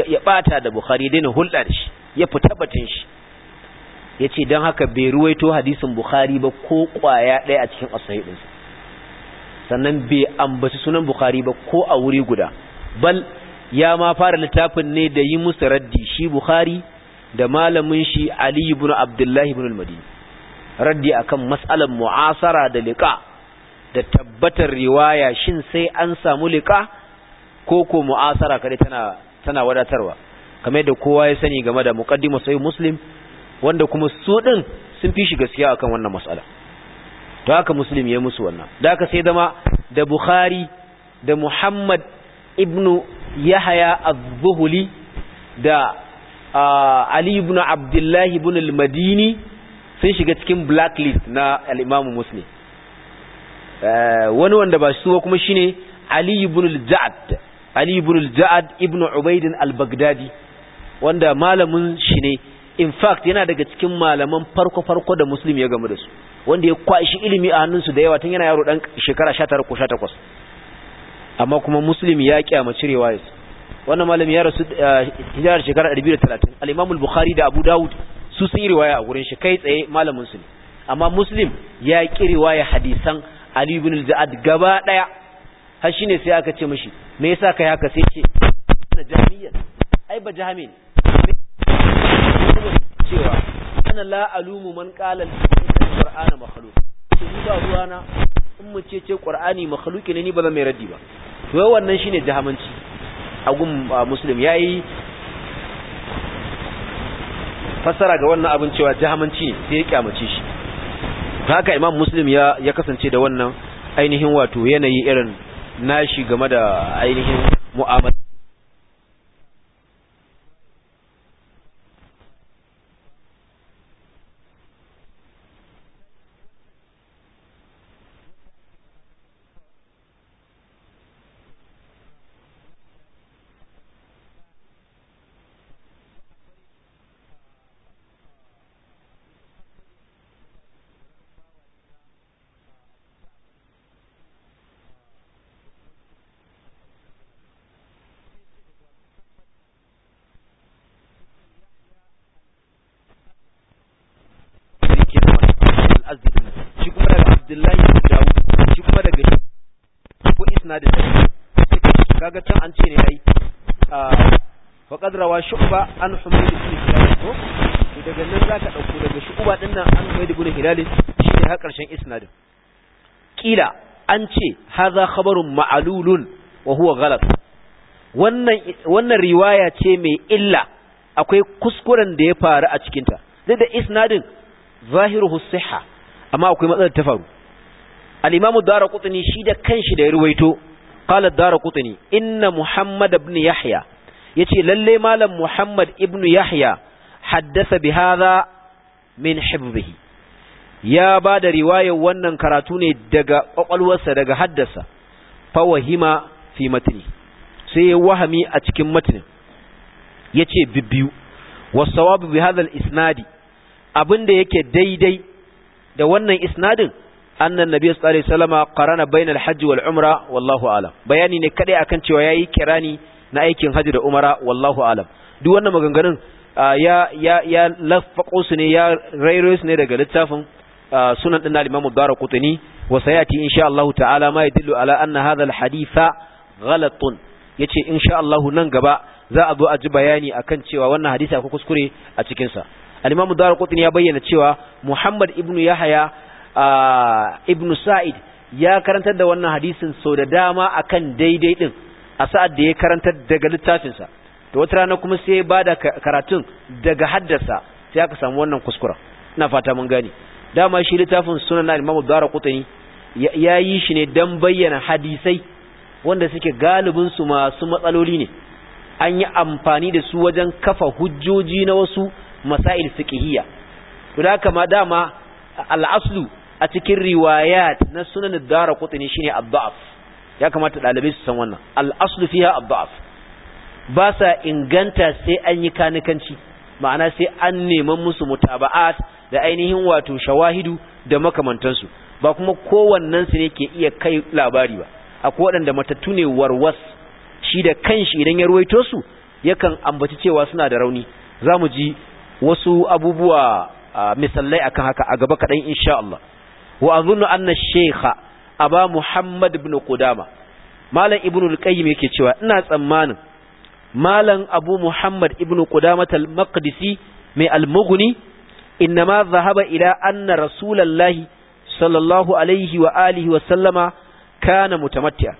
ya bata da bukhari na hulɗa da shi ya fita batun shi ya ce don haka bai ruwaito hadisin bukhari ba ko kwaya ɗaya a cikin asahiɗinsa sannan bai ambaci sunan bukhari ba ko a wuri guda bal ya ma fara littafin ne da yi musu raddi shi bukhari da malamin shi ali ibn abdullahi ibn al-madini raddi akan matsalar mu'asara da liƙa da tabbatar riwaya shin sai an samu liƙa ko ko mu'asara kare tana tana wadatarwa kamar da kowa ya sani game da muqaddimu sai muslim wanda kuma su din sun fi shi gaskiya akan wannan mas'ala to haka muslim ya musu wannan da haka sai zama da bukhari da muhammad ibnu yahya az-zuhli da ali Ibnu abdullah ibn al-madini sun shiga cikin blacklist na al-imam muslim eh, wani wanda ba shi su kuma shine ali ibn al-ja'd ali ibn al-ja'd ibn ubayd al-baghdadi wanda malamin shi ne in fact yana daga cikin malaman farko-farko da muslim ya gamu da su wanda ya kwashi ilimi a hannunsu da yawa tun yana yaro dan shekara 19 ko 18 amma kuma muslim ya kyama cirewa yasu wannan malami ya rasu eh, hijirar shekara 230 al-imam al-bukhari da abu dawud su sun yi riwaya a gurin shi kai tsaye malamin su ne amma muslim ya ki riwaya hadisan ali ibn al-za'ad gaba daya har shine sai aka ce mishi me yasa kai haka sai ce jahmiyan ai ba jahmin cewa ana la alumu man qala al-qur'ana makhluq to ni ba ruwana in mu ce ce qur'ani makhluqi ne ni ba zan mai raddi ba to yau wannan shine jahamanci a gun muslim yayi fassara ga wannan abin cewa jahamanci ne sai ya kyamace shi haka imam muslim ya ya kasance da wannan ainihin wato yanayi irin nashi game da ainihin mu'amala kaga can an ce ne ai wa qad rawa shu'ba an humayd ibn hilal ko daga nan zaka dauko daga shu'ba din nan an humayd ibn hilal shine har karshen isnadin kila an ce hadha khabarun ma'lulun wa huwa ghalat wannan wannan riwaya ce mai illa akwai kuskuren da ya faru a cikin ta duk da isnadin zahiruhu sihha amma akwai matsalar ta faru al imam dara qutni shi da kanshi da ya ruwaito qala ad-darqutni inna muhammad ibn yahya yace lallai malam muhammad ibn yahya haddasa bi hadha min hibbihi ya ba da riwayar wannan karatu ne daga kwakwalwarsa daga haddasa fawahima fi matni sai ya wahami a cikin matnin yace bibbiyu wasawabu bi hadha al-isnadi abinda yake daidai da wannan isnadin annan nabi bainal hajj wal umra bayani ne kadai akan cewa yayi kirani na aikin hajji da umara wallahu alam duk wannan maganganun ya ya ya ne ya rairo su ne daga littafin sunan din al-imam ad-darqutni wa sayati insha Allah ta'ala ma ala anna hadha al-haditha ghalatun yace insha Allah nan gaba za a zo a ji bayani akan cewa wannan hadisi akwai kuskure a cikinsa. sa al-imam ad ya bayyana cewa Muhammad ibnu Yahaya. ibn sa'id ya karantar da wannan hadisin so da dama akan daidai din a sa'ad da ya karantar daga littafinsa to wata rana kuma sai ya bada karatun daga haddasa sai aka samu wannan kuskura ina fata mun gani dama shi littafin sunan na imamu dara kutani ya yi shi ne don bayyana hadisai wanda suke galibin su masu matsaloli ne an yi amfani da su wajen kafa hujjoji na wasu masail fiqhiyya to da haka ma dama al'aslu a cikin riwayat na sunan dara kutani shine abdu'af ya kamata ɗalibai su san wannan al'aslu fiha abdu'af ba sa inganta sai an yi kanikanci ma'ana sai an neman musu mutaba'at da ainihin wato shawahidu da makamantansu ba kuma kowannen su ne ke iya kai labari ba akwai waɗanda matattu ne warwas shi da kanshi idan ya ruwaito su yakan ambaci cewa suna da rauni za mu ji wasu abubuwa misallai akan haka a gaba kaɗan insha Allah wa azunnu anna shekha aba muhammad ibn qudama malam ibn al-qayyim yake cewa ina tsammanin malam abu muhammad ibn qudama al-maqdisi mai al-mughni inma zahaba ila anna rasulullahi sallallahu alaihi wa alihi wa sallama kana mutamatti'a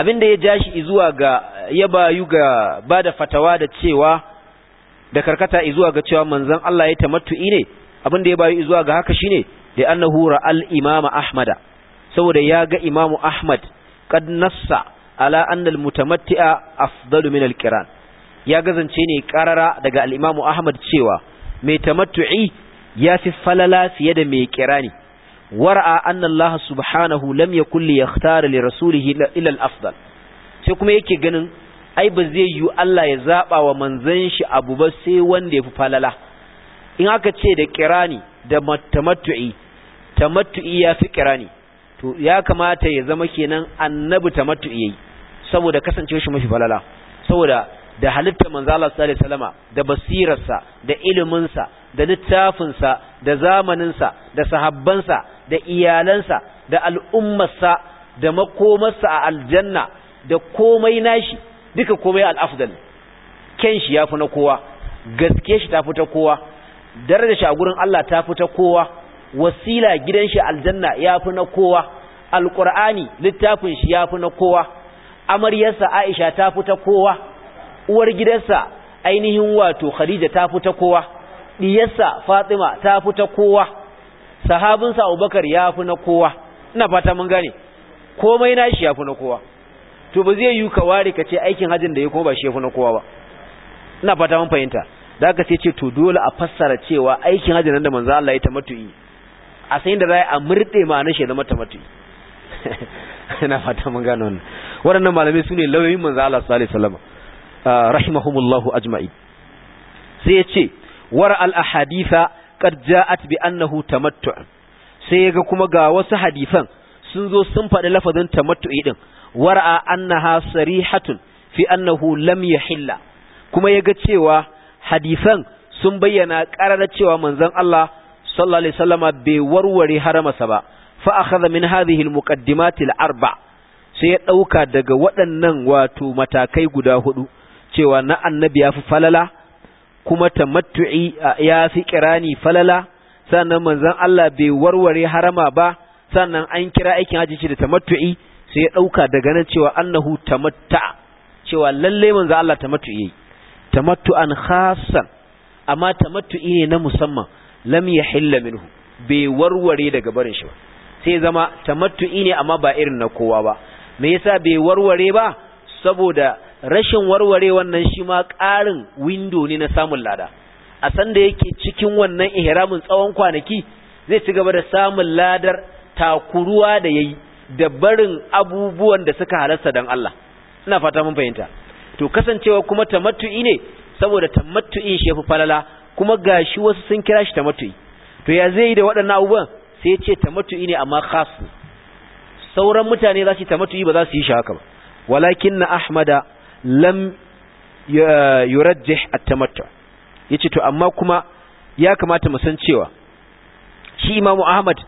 abinda ya jashi zuwa ga ya bayu ga bada fatawa da cewa da karkata zuwa ga cewa manzon Allah ya tamattu ne abinda ya bayu zuwa ga haka shine li'annahu ra'al imama ahmada saboda ya ga imamu ahmad qad nassa ala mutamattia afdalu min ya gazance ne karara daga al-imamu ahmad cewa mai tamattu'i ya fi falala fiye da mai kirani wara'a anna Allah subhanahu lam yakul li yakhtara li rasulih ila al-afdal sai kuma yake ganin ai ba zai yi Allah ya zaba wa manzon shi abu ba sai wanda fi falala in aka ce da kirani da tamattu'i tamattu'i ya fi kirani to ya kamata ya zama kenan annabi tamattu'i yayi saboda kasance shi mafi falala saboda da halitta manzo Allah sallallahu alaihi wasallam da basirarsa da iliminsa da littafinsa da zamaninsa da sahabbansa da iyalansa da al'ummarsa da makomarsa a aljanna da komai nashi duka komai al'afdal ken shi ya fi na kowa gaske shi ta fi kowa darajar shi a gurin Allah ta fita kowa wasila gidan shi aljanna ya fi na kowa alqur'ani littafin shi ya fi na kowa amaryarsa aisha ta fi ta kowa uwar gidansa ainihin wato khadija ta fi ta kowa diyarsa fatima ta fi ta kowa sahabinsa abubakar ya fi na kowa ina fata mun gane komai na shi ya fi na kowa to ba zai yi ka ware ka ce aikin hajin da ya kuma ba shi ya fi na kowa ba ina fata mun fahimta da aka sai ce to dole a fassara cewa aikin hajin nan da manzo Allah ya yi a sayin da za a murɗe ma'anar shi zama tamati ina fata mun gano wannan waɗannan malamai su ne lauyoyin manzo Allah sallallahu alaihi wasallam ah, rahimahumullahu ajma'i sai ya ce war al ahaditha qad ja'at bi annahu tamattu sai ga kuma ga wasu hadisan sun zo sun faɗi lafazin tamattu'i din wara'a annaha sarihatun fi annahu lam yahilla kuma yaga cewa hadisan sun bayyana ƙarar cewa manzon Allah sallallahu alaihi wasallama bai warware haramasa ba fa akhadha min hadhihi almuqaddimat alarba sai ya ɗauka daga waɗannan wato matakai guda hudu cewa na annabi ya fi falala kuma tamattu'i ya fi kirani falala sannan manzon Allah bai warware harama ba sannan an kira aikin haji shi da tamattu'i sai ya dauka daga nan cewa annahu tamatta cewa lalle manzon Allah tamattu'i tamattu'an khassan amma tamattu'i ne na musamman lam yahilla minhu bai warware daga barin shi ba sai zama tamattu'i ne amma ba irin na kowa ba me yasa bai warware ba saboda rashin warware wannan shi ma ƙarin window ne na samun lada a san da yake cikin wannan ihramin tsawon kwanaki zai ci gaba da samun ladar takuruwa da yayi da barin abubuwan da suka halarta dan Allah ina fata mun fahimta to kasancewa kuma tamattu'i ne saboda tamattu'in shi fi falala kuma gashi wasu sun kira shi tamattu'i to ya zai yi da waɗannan abubuwan sai ya ce tamattu'i ne amma khasu sauran mutane za su yi tamattu'i ba za su yi shi haka ba walakin na ahmada lam yurajjih at-tamattu yace to amma kuma ya kamata mu san cewa shi imamu ahmad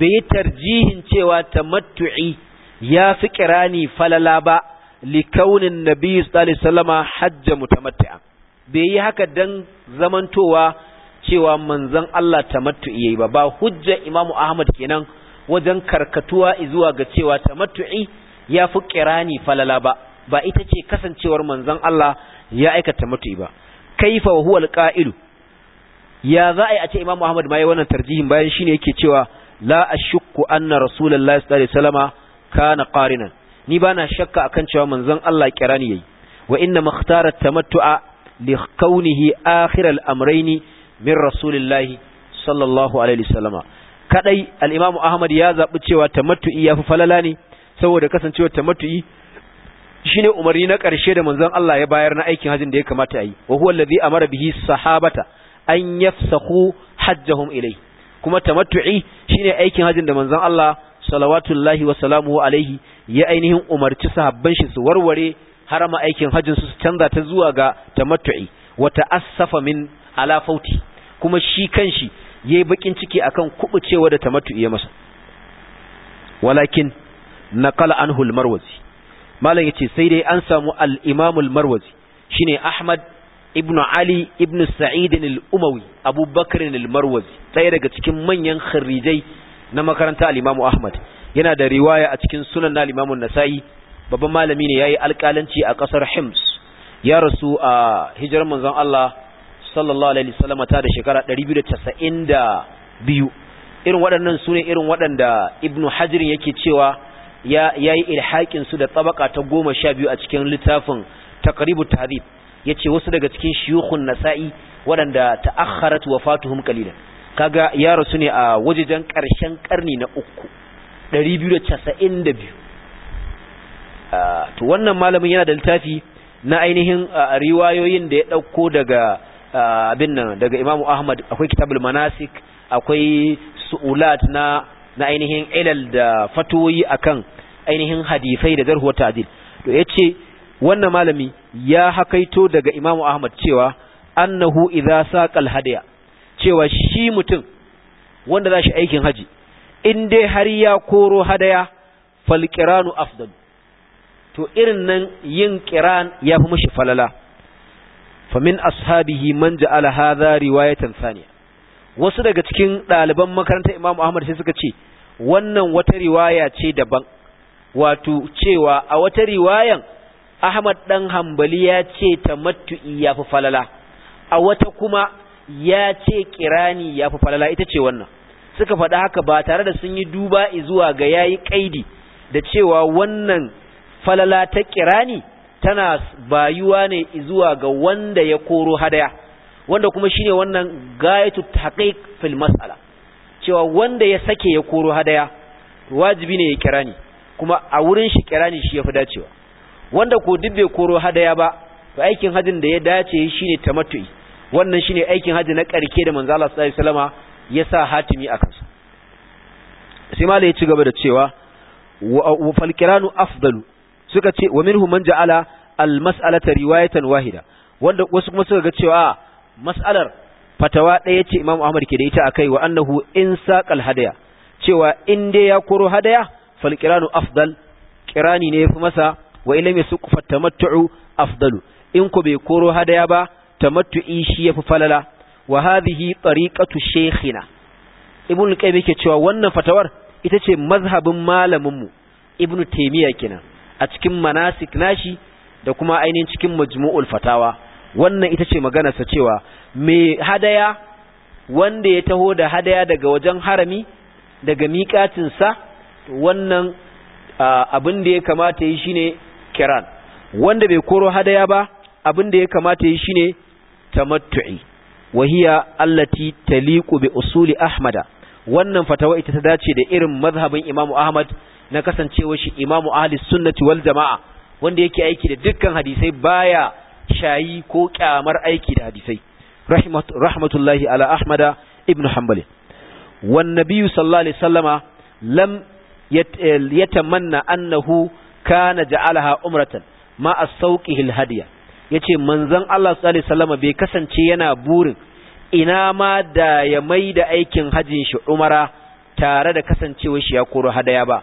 bai yi tarjihin cewa tamattu'i ya fi kirani falala ba likaunin nabi sallallahu alaihi wasallama hajja mutamatti'a bai yi haka dan zamantowa cewa manzan Allah tamattu yi ba ba hujja imamu Ahmad kenan wajen karkatuwa zuwa ga cewa tamattu'i ya fi kirani falala ba ba ita ce kasancewar manzan Allah ya aikata tamattu'i ba kaifa wa huwa alqa'ilu ya za a yi a ce imamu Ahmad ma yi wannan tarjihin bayan shine yake cewa la ashukku anna rasulullahi sallallahu alaihi kana qarinan ni bana shakka akan cewa manzon Allah kirani yayi wa inna makhtara tamattu'a li kaunihi amraini min rasulillahi sallallahu alaihi wasallama kadai al ahmad ya zaɓi cewa tamattu'i yafi falala ne saboda kasancewa tamattu'i shine umarni na ƙarshe da manzon Allah ya bayar na aikin hajjin da ya kamata yi wa huwa alladhi amara bihi sahabata an yafsahu hajjahum ilai. kuma tamattu'i shine aikin hajjin da manzan Allah salawatullahi wa alaihi ya ainihin umarci sahabban shi su warware harama aikin hajjin su canza ta zuwa ga tamattu'i wa ta'assafa min ala fauti kuma shi kanshi yayi bakin ciki akan kubucewa da tamattu'i ya masa walakin naqala anhu al-marwazi malam yace sai dai an samu al-imam al-marwazi shine ahmad ibnu ali ibnu sa'id al-umawi abubakar al-marwazi sai daga cikin manyan kharijai na makaranta al-imam ahmad yana da riwaya a cikin sunan al-imam an-nasa'i babban malami ne yi alƙalanci a ƙasar Hims ya rasu a hijirar manzon Allah sallallahu alaihi wasallam ta da shekara 292 irin waɗannan sune irin waɗanda Ibn Hajar yake cewa ya yayi ilhakin su da tabaka ta goma sha biyu a cikin littafin Taqribut ya ce wasu daga cikin shuyukhun Nasa'i waɗanda ta'akhkharat wafatuhum qalilan kaga ya rasu ne a wajejen ƙarshen ƙarni na uku 292 Ah, to wannan malamin yana da littafi na ainihin ah, riwayoyin da ya ɗauko daga ah, abin nan daga Imam ahmad akwai kitabul manasik akwai su'ulat na na ainihin ilal da fatoyi akan ainihin hadisi da zarhu ta'dil to yace wannan malami ya hakaito daga Imam ahmad cewa annahu idza saqal hadiya cewa shi mutum wanda za shi aikin haji in dai har ya koro hadaya falqiranu afdalu to irin nan yin kiran ya fi mashi falala famin ashabihi man ja'ala hadha riwayatan thaniya wasu daga cikin ɗaliban makarantar imamu Ahmad sai suka ce wannan wata riwaya ce daban wato cewa a wata riwayan Ahmad dan Hanbali ya ce tamattu'i ya fi falala a wata kuma ya ce kirani ya fi falala ita ce wannan suka faɗa haka ba tare da sun yi duba zuwa ga yayi kaidi da cewa wannan falala ta kirani tana bayuwa ne zuwa ga wanda ya koro hadaya wanda kuma shine wannan gayatu taqiq fil mas'ala cewa wanda ya sake ya koro hadaya wajibi ne ya kirani kuma a wurin shi kirani shi yafi dacewa wanda ko duk bai koro hadaya ba to aikin hajin da ya dace shine tamattu'i wannan shine aikin haji na karke da manzo Allah sallallahu alaihi wasallama ya sa hatimi a kansa sai malai ya ci gaba da cewa fal kiranu afdalu suka ce wa minhu man ja'ala al-mas'alata riwayatan wahida wanda wasu kuma suka ga cewa ah, mas'alar fatawa ɗaya ce Imam Ahmad ke da ita akai wa annahu in saqal hadaya cewa in dai ya koro hadaya fal qiranu afdal qirani ne yafi masa wa ilam yasuq fatamattu afdalu in ko bai koro hadaya ba tamattu'i shi yafi falala wa hadhihi tariqatu shaykhina ibn qayyim yake cewa wannan fatawar ita ce mazhabin malamin mu ibnu taymiya kenan a cikin manasik nashi da kuma ainihin cikin majmu'ul fatawa wannan ita ce maganarsa cewa mai hadaya wanda ya taho da hadaya daga wajen harami daga miƙatinsa wannan abin da ya kamata yi shine kiran wanda bai koro hadaya ba abin da ya kamata yi shine tamattu'i wahiya allati taliqu bi usuli ahmada wannan fatawa ita ta dace da irin mazhabin imamu ahmad na kasancewa shi imamu ahli sunnati wal jama'a wanda yake aiki da dukkan hadisai baya shayi ko kyamar aiki da hadisai rahmatullahi ala ahmada ibn hanbali wan nabiyyu sallallahu alaihi wasallama lam yatamanna annahu kana ja'alaha umratan ma as-sauqihi al-hadiya yace manzon Allah sallallahu alaihi wasallama bai kasance yana burin ina ma da ya mai da aikin hajin shi umara tare da kasancewar shi ya koro hadaya ba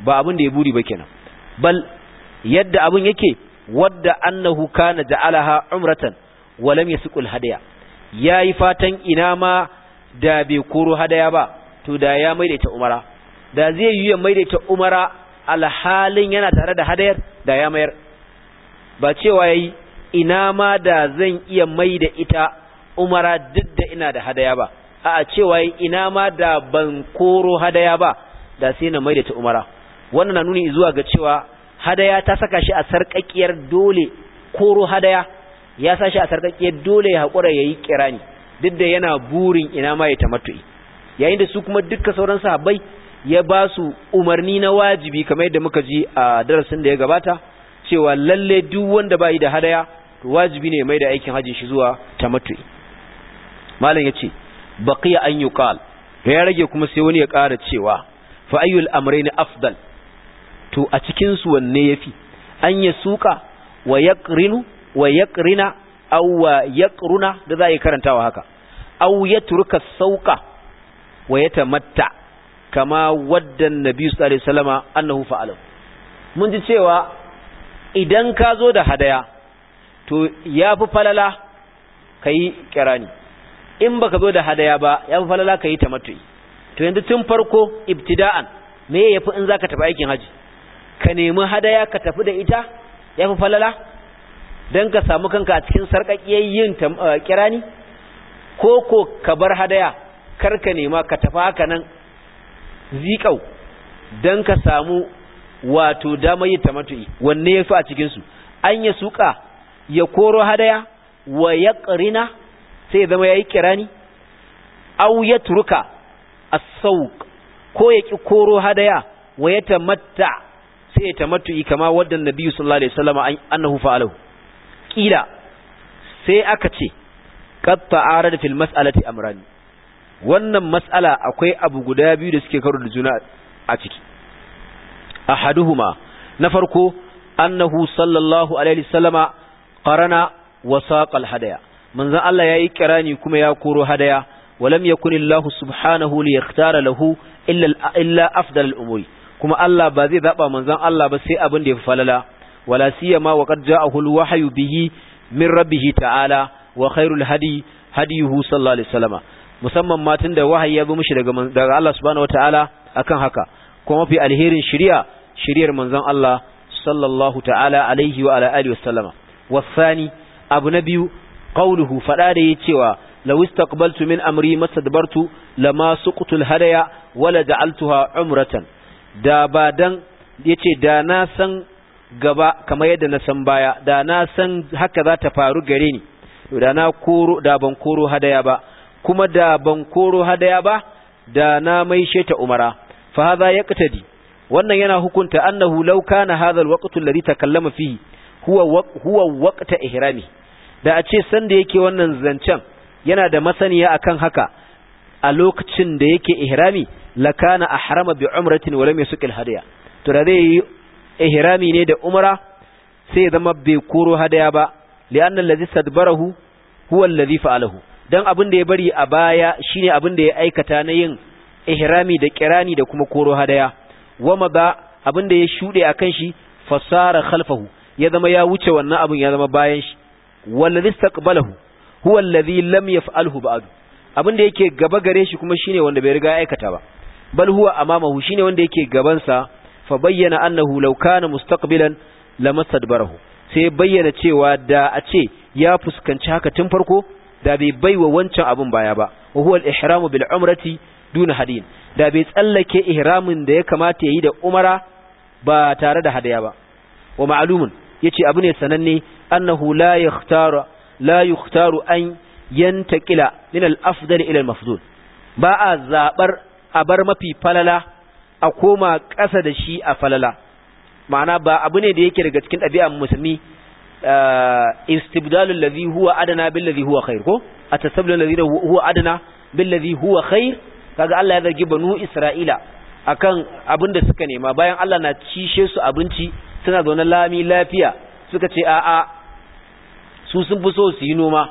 ba abin da ya buri ba kenan bal yadda abin yake wadda annahu kana ja'alaha umratan wa lam yasqul hadaya yayi fatan ina ma da bai koro hadaya ba to da ya maidaita umara da zai yi ya maidaita umara alhalin yana tare da hadayar da ya mayar ba cewa yayi ina ma da zan iya maida ita umara duk da ina da hadaya ba a'a cewa ina ma da ban koro hadaya ba da sai na maidaita umara wannan na nuni zuwa ga cewa hadaya ta saka shi a sarƙaƙiyar dole koro hadaya ya sa shi a sarƙaƙiyar dole ya haƙura ya yi kirani duk da yana burin ina ma ya matu'i yayin da su kuma duka sauran sahabbai ya ba su umarni na wajibi kamar yadda muka ji a darasin da ya gabata cewa lalle duk wanda bai da hadaya to wajibi ne mai da aikin haji shi zuwa matu'i. malam yace baqiya an yuqal ya rage kuma sai wani ya ƙara cewa fa ayyul amrayni afdal to a cikin su wanne yafi an ya suka wa yaqrinu wa yaqrina aw wa yaqruna da za a yi karantawa haka aw turka sauka wa ya tamatta kama wadda nabi sallallahu alaihi wasallama annahu fa'ala mun ji cewa idan ka zo da hadaya to ya fi falala kai kirani in baka zo da hadaya ba ya fi falala kai tamattu to yanzu tun farko ibtida'an me yafi in zaka tafi aikin haji ka nemi hadaya ka tafi da ita ya fi falala don ka samu kanka a cikin sarƙaƙiyar yin eh, kirani ko ko ka bar hadaya kar ka nema ka tafi haka nan zikau don ka samu wato dama yi tamatu'i wanne ya fi a cikinsu an ya suka ya koro hadaya wa ya ƙarina sai ya zama ya yi kirani au ya turuka a sauk ko ya ƙi koro hadaya wa ya tamatta sai ta tamattu'i kama wadda nabi sallallahu alaihi wasallam annahu fa'alahu kila sai aka ce qad ta'arada fil mas'alati amrani wannan mas'ala akwai abu guda biyu da suke karo da juna a ciki ahaduhuma na farko annahu sallallahu alaihi wasallama qarana wasaqal hadaya manzon Allah yayi kirani kuma ya koro hadaya walam yakunillahu subhanahu liyaktara lahu illa illa afdal al-umuri kuma Allah ba zai zaba manzon Allah ba sai abin da ya falala wala siyama wa qad ja'ahu al-wahyu bihi min rabbih ta'ala wa khairul hadi hadiyuhu sallallahu alaihi wasallam musamman ma tunda wahayi ya bi mishi daga daga Allah subhanahu wataala akan haka kuma fi alherin shari'a shari'ar manzon Allah sallallahu ta'ala alaihi wa ala alihi wasallama wasani abu na biyu qawluhu fada da cewa law istaqbaltu min amri mastadbartu lama suqtul hadaya wala ja'altuha umratan da ba dan yace da na san gaba kamar yadda na san baya da na san haka za ta faru gare ni da na koro da ban koro hadaya ba kuma da ban koro hadaya ba da na maishe ta umara fa hadha yaqtadi wannan yana hukunta annahu law kana hadha alwaqtu alladhi takallama fihi huwa huwa waqta ihrami da a ce san da yake wannan zancen yana da masaniya akan haka a lokacin da yake ihrami lakana ahrama bi umratin wa lam yasqil hadiya to da zai yi ihrami ne da umra sai zama bai koro hadaya ba anna allazi sadbarahu huwa allazi fa'alahu dan abin da ya bari a baya shine abin da ya aikata na yin ihrami da kirani da kuma koro hadaya wama ba abin da ya shude akan shi fasara khalfahu ya zama ya wuce wannan abin ya zama bayan shi wallazi taqbalahu huwa allazi lam yaf'alhu ba'du abin da yake gaba gare shi kuma shine wanda bai riga aikata ba bal huwa amamahu shine wanda yake gaban sa fa bayyana annahu law kana mustaqbilan lamastadbarahu sai bayyana cewa da a ce ya fuskanci haka tun farko da bai baiwa wancan abun baya ba wa huwa al-ihramu bil umrati duna hadin da bai tsallake ihramin da ya kamata yayi da umara ba tare da hadaya ba wa ma'lumun yace abu ne sananne annahu la yakhtaru la yukhtaru an yantakila min al-afdal ila al-mafdul ba a zabar a bar mafi falala a koma ƙasa da shi a falala ma'ana ba abu ne da yake daga cikin ɗabi'a musulmi eh, istibdalul ladhi huwa adana bil ladhi huwa khair ko atastabdalul ladhi huwa adana bil ladhi huwa khair kaga Allah ya zargi banu Isra'ila akan abin da suka nema bayan Allah na cishe su abinci suna zaune lami lafiya suka ce a'a su sun fi so su yi noma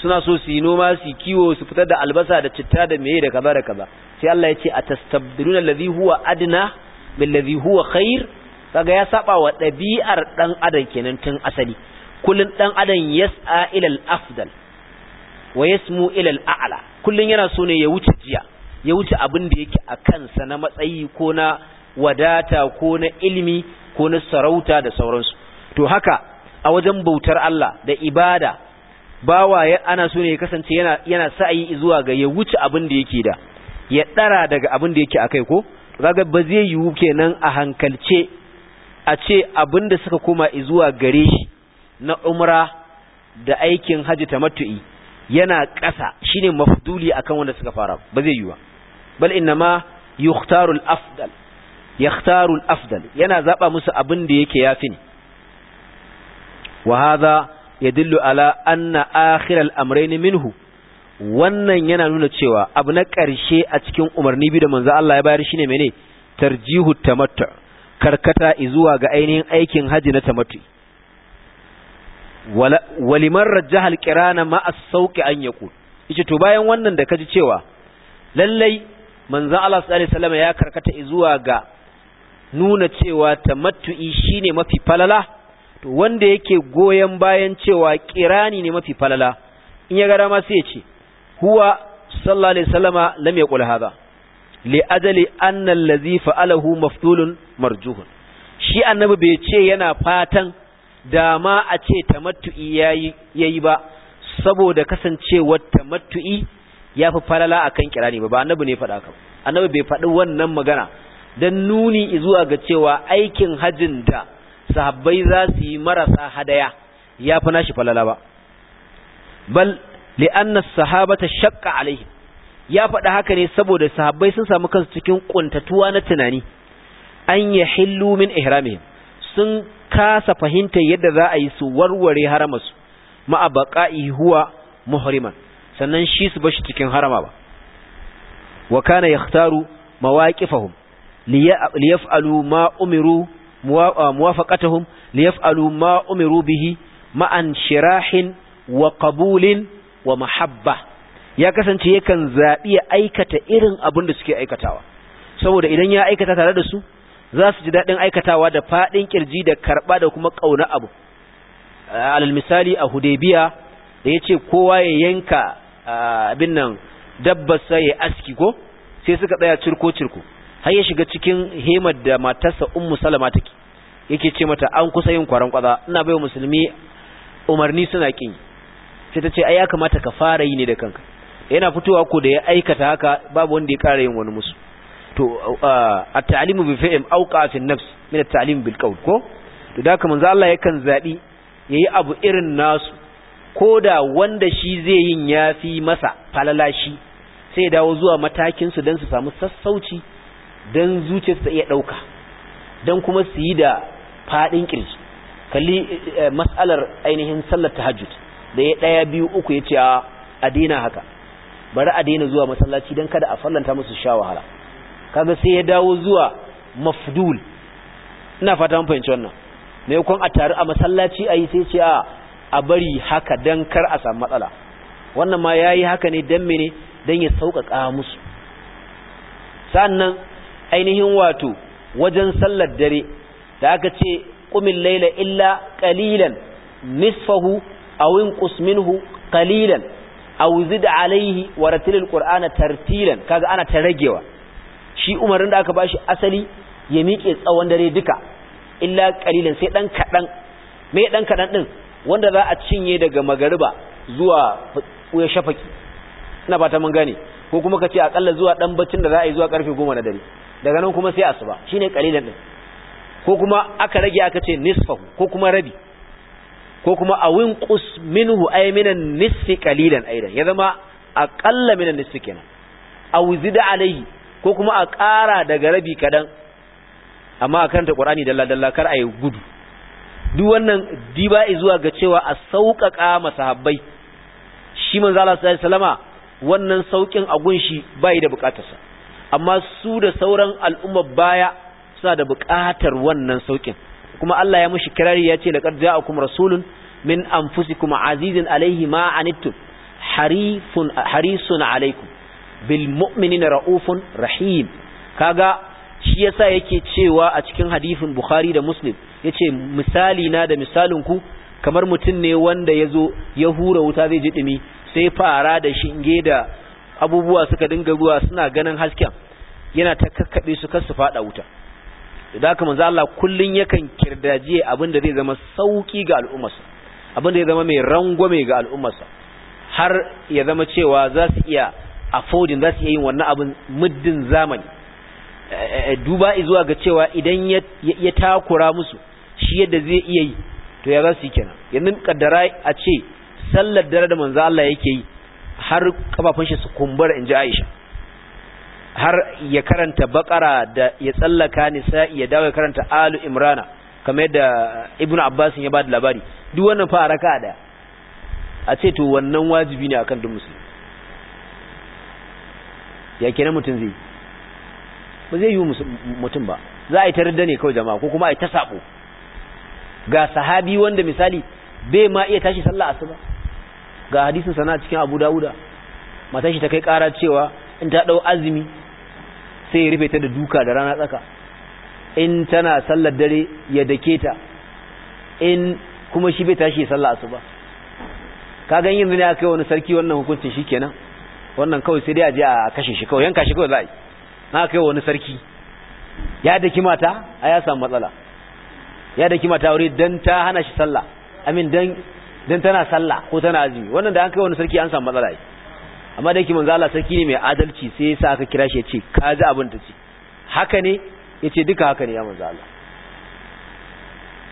suna so su yi noma su kiwo su fitar da albasa da citta da meye da kaza da kaza sai Allah ya ce a atastabdiluna allazi huwa adna billazi huwa khair kaga ya saba wa dabi'ar dan adam kenan tun asali kullun dan adam yas'a ila al-afdal wa yasmu ila al-a'la kullun yana so ne ya wuce jiya ya wuce abin da yake a kansa na matsayi ko na wadata ko na ilimi ko na sarauta da sauransu to haka a wajen bautar Allah da ibada bawa ana so ne ya kasance yana yana sa'ayi zuwa ga ya wuce abin da yake da ya ɗara daga abin da yake akai ko kaga ba zai yiwu kenan a hankalce a ce abin da suka koma zuwa gare shi na umra da aikin hajji tamattu'i yana ƙasa shine mafduli akan wanda suka fara ba zai yiwu bal innama yukhtaru afdal afdal yana zaɓa musu abin da yake yafi ne wa hadha yadullu ala anna akhiral amrayn minhu wannan yana nuna cewa abu na ƙarshe a cikin umarni biyu da manzo Allah ya bayar shine mene tarjihu tamattu karkata zuwa ga ainihin aikin haji na tamattu waliman rajjaha alqirana ma as-sauqi an yaqul yace to bayan wannan da kaji cewa lallai manzo Allah sallallahu alaihi wasallam ya karkata zuwa ga nuna cewa tamattu shine mafi falala to wanda yake goyen bayan cewa kirani ne mafi falala in ya ga dama sai ya ce huwa sallallahu alaihi wasallama lam yaqul hadha li ajali anna allazi maftulun marjuhun shi annabi bai ce yana fatan da ma a ce ta tamattu'i yayi yayi ba saboda kasancewar ta tamattu'i yafi falala akan kirani ba ba annabi ne faɗa ka annabi bai faɗi wannan magana dan nuni zuwa ga cewa aikin hajin da sahabbai za su yi marasa hadaya ya fi nashi falala ba bal li'anna sahabata shaqqa alaihim ya faɗa haka ne saboda sahabbai sun samu kansu cikin kuntatuwa na tunani an yahillu min ihramihim sun kasa fahimtar yadda za a yi su warware haramarsu ma'a baqa'i huwa muhriman sannan shi su bashi cikin harama ba wa kana yakhtaru mawaqifahum liyaf'alu ma umiru muwafaqatahum liyaf'alu ma umiru bihi ma'an shirahin wa qabulin wa mahabba ya kasance yakan zaɓi ya aikata irin abin da suke aikatawa saboda idan ya aikata tare da su za su ji daɗin aikatawa da faɗin ƙirji da karɓa da kuma ƙauna abu alal misali a hudebiya da ya ce kowa ya yanka abin nan dabbarsa ya aski ko sai suka tsaya cirko-cirko har ya shiga cikin hemar da matarsa ummu salama take yake ce mata an kusa yin kwaran kwaza ina bai musulmi umarni suna kin sai ta ce ai ya kamata ka fara yi ne da kanka yana fitowa ko da ya aikata haka babu wanda ya ƙara yin wani musu to a talimu bi fi'im awqa an-nafs min at-ta'lim bil qawl ko to da kuma Allah yakan zabi yayi abu irin nasu ko da wanda shi zai yin yafi masa falalashi sai dawo zuwa matakin su dan su samu sassauci dan zuciyarsa iya dauka dan kuma su yi da fadin kirji kalli eh, mas'alar ainihin sallar tahajjud da ya ɗaya biyu uku ya ce a daina haka bari a daina zuwa masallaci don kada a fallanta musu sha wahala kaga sai ya dawo zuwa mafdul ina fata mun fahimci wannan maimakon a taru a masallaci a yi sai ce a bari haka don kar a samu matsala wannan ma ya yi haka ne don mene don ya sauƙaƙa musu sannan ainihin wato wajen sallar dare da aka ce ƙumin laila illa ƙalilan misfahu. أو انقص منه قليلا أو زد alayhi wa القرآن qur'ana tartilan kaga ana ta ragewa shi umarin da aka bashi asali ya miƙe tsawon dare duka illa qalilan sai dan me dan din wanda za a cinye daga magariba zuwa ya shafaki ina fata mun gane ko kuma kace akalla zuwa dan baccin da za a yi zuwa karfe 10 na dare daga nan kuma sai asuba shine kalilan din ko kuma aka rage aka ce nisfahu ko kuma rabi ko kuma a winqus minhu ay minan nisfi qalilan aidan ya zama aqalla minan nisfi kenan aw zida alayhi ko kuma a ƙara daga rabi kadan amma a karanta qur'ani dalla dalla kar ayi gudu duk wannan diba zuwa ga cewa a sauƙaƙa masahabbai shi manzo Allah sallallahu alaihi wasallama wannan saukin a gunshi bai da bukatarsa amma su da sauran al'ummar baya suna da bukatar wannan saukin kuma Allah ya mushi kirari ya ce a kuma rasulun min anfusikum azizun alayhi ma anittum harifun harisun alaykum bil mu'minina raufun rahim kaga shi yasa yake cewa a cikin hadisin Bukhari da Muslim yace misali na da misalin ku kamar mutum ne wanda ya zo ya hura wuta zai ji dumi sai fara da shinge da abubuwa suka dinga ruwa suna ganin hasken yana ta kakkaɓe su kar su fada wuta da haka manzo Allah kullun yakan kirdaje abin da zai zama sauki ga al'ummarsa abin da zai zama mai rangwame ga al'ummarsa har ya zama cewa za su iya affordin za su iya yin wannan abin muddin zamani eh, eh, duba zuwa ga cewa idan ya takura musu shi yadda zai iya yi to ya za su yi kenan yannin kaddara a ce sallar dare da manzo Allah yake yi har kafafun shi su kumbura inji Aisha har ya karanta bakara da ya tsallaka nisa'i ya dawo ya karanta alu imrana kamar yadda ibn abbas ya ba da labari duk wannan fa raka da a ce to wannan wajibi ne akan duk musulmi ya kenan mutum zai ba zai yi mutum ba za a yi ta ridda ne kawai jama'a ko kuma a yi ta sabo ga sahabi wanda misali bai ma iya tashi sallah asuba ga hadisin sana cikin abu dawuda matashi ta kai kara cewa in ta dau azumi sai rufe ta da duka da rana tsaka in tana sallar dare ya dake ta in kuma shi bai tashi sallar asuba ka gan yin zina kai wani sarki wannan hukuncin shi kenan wannan kawai sai dai a je a kashe shi kawai yanka shi kawai zai na kai wani sarki ya daki mata a ya samu matsala ya daki mata wuri dan ta hana shi sallah amin dan tana sallah ko tana azumi wannan da an kai wani sarki an samu matsala yi amma da yake manzo Allah sarki ne mai adalci sai ya sa aka kira shi ya ce ka ji abin da ce haka ne ya duka haka ne ya manzo Allah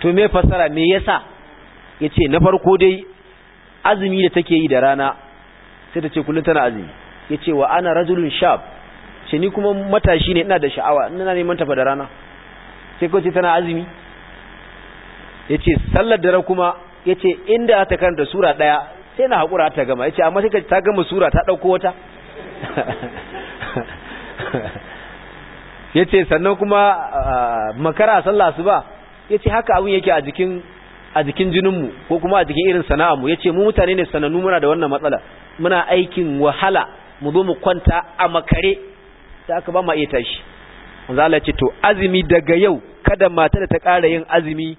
to me fasara me yasa ya na farko dai azumi da take yi da rana sai ta ce kullum tana azumi ya ce wa ana rajulun shab ce ni kuma matashi ne ina da sha'awa ina neman tafa da rana sai ko ce tana azumi ya ce sallar dare kuma yace ce inda ta karanta sura ɗaya sai na haƙura ta gama ya ce amma sai ta gama sura ta ɗauko wata ya ce sannan kuma ah, makara sallah su ba ya ce haka abin yake a jikin a jikin jininmu ko kuma a jikin irin sana'a ya ce mu mutane ne sanannu muna da wannan matsala muna aikin wahala mu zo mu kwanta a makare da aka ba ma iya tashi wanzu to azumi daga yau kada mata da ta ƙara yin azumi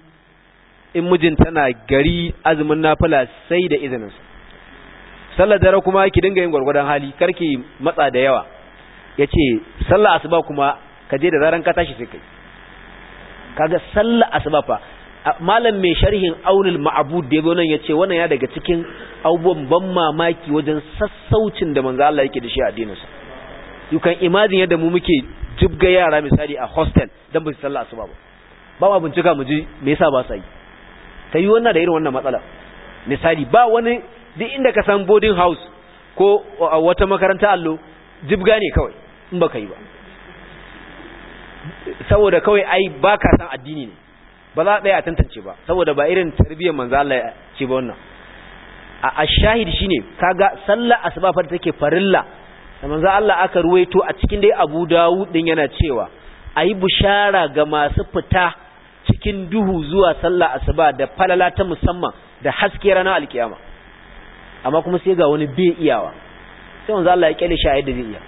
in mijin tana gari azumin nafila sai da izininsa sallar dare kuma ki dinga yin gwargwadon hali karki matsa da yawa yace sallar asuba kuma ka je da zaran ka tashi sai kai kaga sallar asuba fa malam mai sharhin aunul ma'bud da yazo nan yace wannan ya daga cikin abubuwan ban mamaki wajen sassaucin da manzo Allah yake da shi a addinin sa you can imagine yadda mu muke jibga yara misali a hostel dan ba su sallar asuba ba ba ma bincika mu ji me yasa ba sa yi ta yi wannan da irin wannan matsala misali ba wani duk inda ka san boarding house ko uh, wata makaranta allo jibga ne kawai in baka yi ba saboda kawai ai baka san addini ne ba za a tsaya a tantance ba saboda ba irin tarbiyyar manzo Allah ce ba wannan a ashahid shine kaga sallar asuba fa take farilla da manzo Allah aka ruwaito a cikin dai Abu Dawud din yana cewa ayi bushara ga masu fita cikin duhu zuwa sallar asuba da falala ta musamman da haske rana alkiyama amma kuma sai ga wani bai iyawa sai wanzu Allah ya kyale shi a yadda zai iya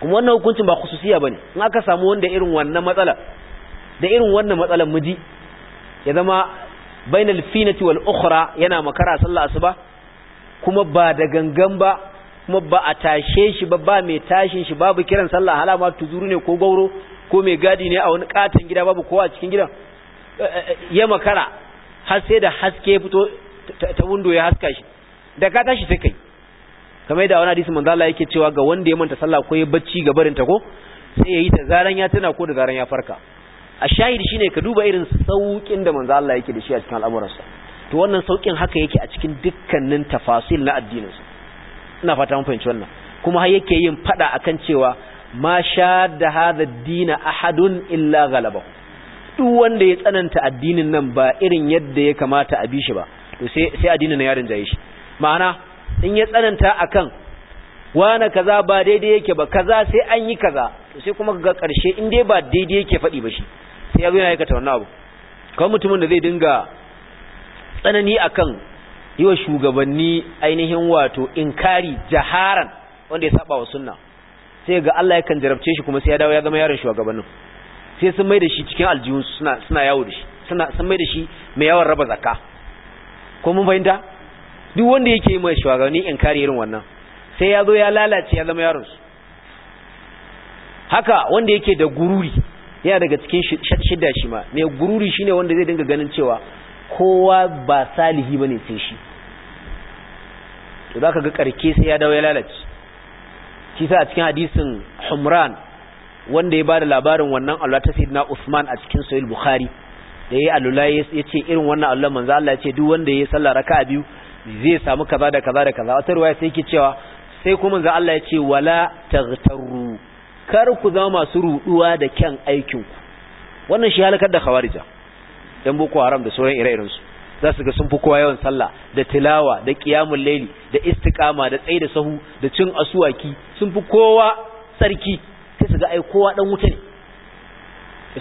kuma wannan hukuncin ba khususiya bane in aka samu wanda irin wannan matsala da irin wannan matsalan miji ya zama bainal finati wal ukhra yana makara sallah asuba kuma ba da gangan ba kuma ba a tashe shi ba ba mai tashin shi babu kiran sallah halama tuzuru ne ko gauro ko mai gadi ne a wani katin gida babu kowa a cikin gidan eh, eh, eh, ya makara har sai da haske fito ta windo ya haska shi da ka tashi sai kai kamar yadda wani hadisi manzala yake cewa ga wanda ya manta sallah ko ya bacci ga barin ta ko sai yayi ta zaran ya tana ko da zaran ya farka a shahidi shine ka duba irin saukin da manzo Allah yake da shi a cikin al'amuransa to wannan saukin haka yake a cikin dukkanin tafasil na addininsa ina fata mun fahimci wannan kuma har yake yin fada akan cewa ma sha da hada dina ahadun illa galaba duk wanda ya tsananta addinin nan ba irin yadda ya kamata a bi shi ba to sai sai addinin ya rinjaye shi ma'ana in ya tsananta akan wane kaza ba daidai yake ba kaza sai an yi kaza to sai kuma ga ƙarshe in dai ba daidai yake faɗi ba shi sai ya zo yana aikata wannan abu kawai mutumin da zai dinga tsanani akan yi wa shugabanni ainihin wato inkari jaharan wanda ya saba wa sunna sai ga Allah yakan jarabce shi kuma sai ya dawo ya zama yaron shugabannin sai sun mai da shi cikin aljihun suna suna yawo da shi suna sun mai da shi mai yawan raba zakka ko mun fahimta duk wanda yake yi mai shugabanni in kare irin wannan sai ya zo ya lalace ya zama yaron su haka wanda yake da gururi yana daga cikin shidda shi ma mai gururi shi ne wanda zai dinga ganin cewa kowa ba salihi ba ne sai shi to za ka ga karke sai ya dawo ya lalace shi sa a cikin hadisin Humran wanda ya ba da labarin wannan Allah ta sayyidina Usman a cikin Sahih Bukhari da ya yayi ya ce irin wannan Allah manzo Allah ce duk wanda yayi sallah raka'a biyu zai samu kaza da kaza da kaza wata ruwaya sai yake cewa sai kuma za Allah ya ce wala taghtaru kar ku zama masu ruduwa da kyan aikin ku wannan shi halakar da khawarija dan boko haram da sauran ire-iren su za su ga sun fi kowa yawan sallah da tilawa da qiyamul layli da istiqama da tsayi da sahu da cin asuwaki sun fi kowa sarki sai su ga ai kowa dan wuta ne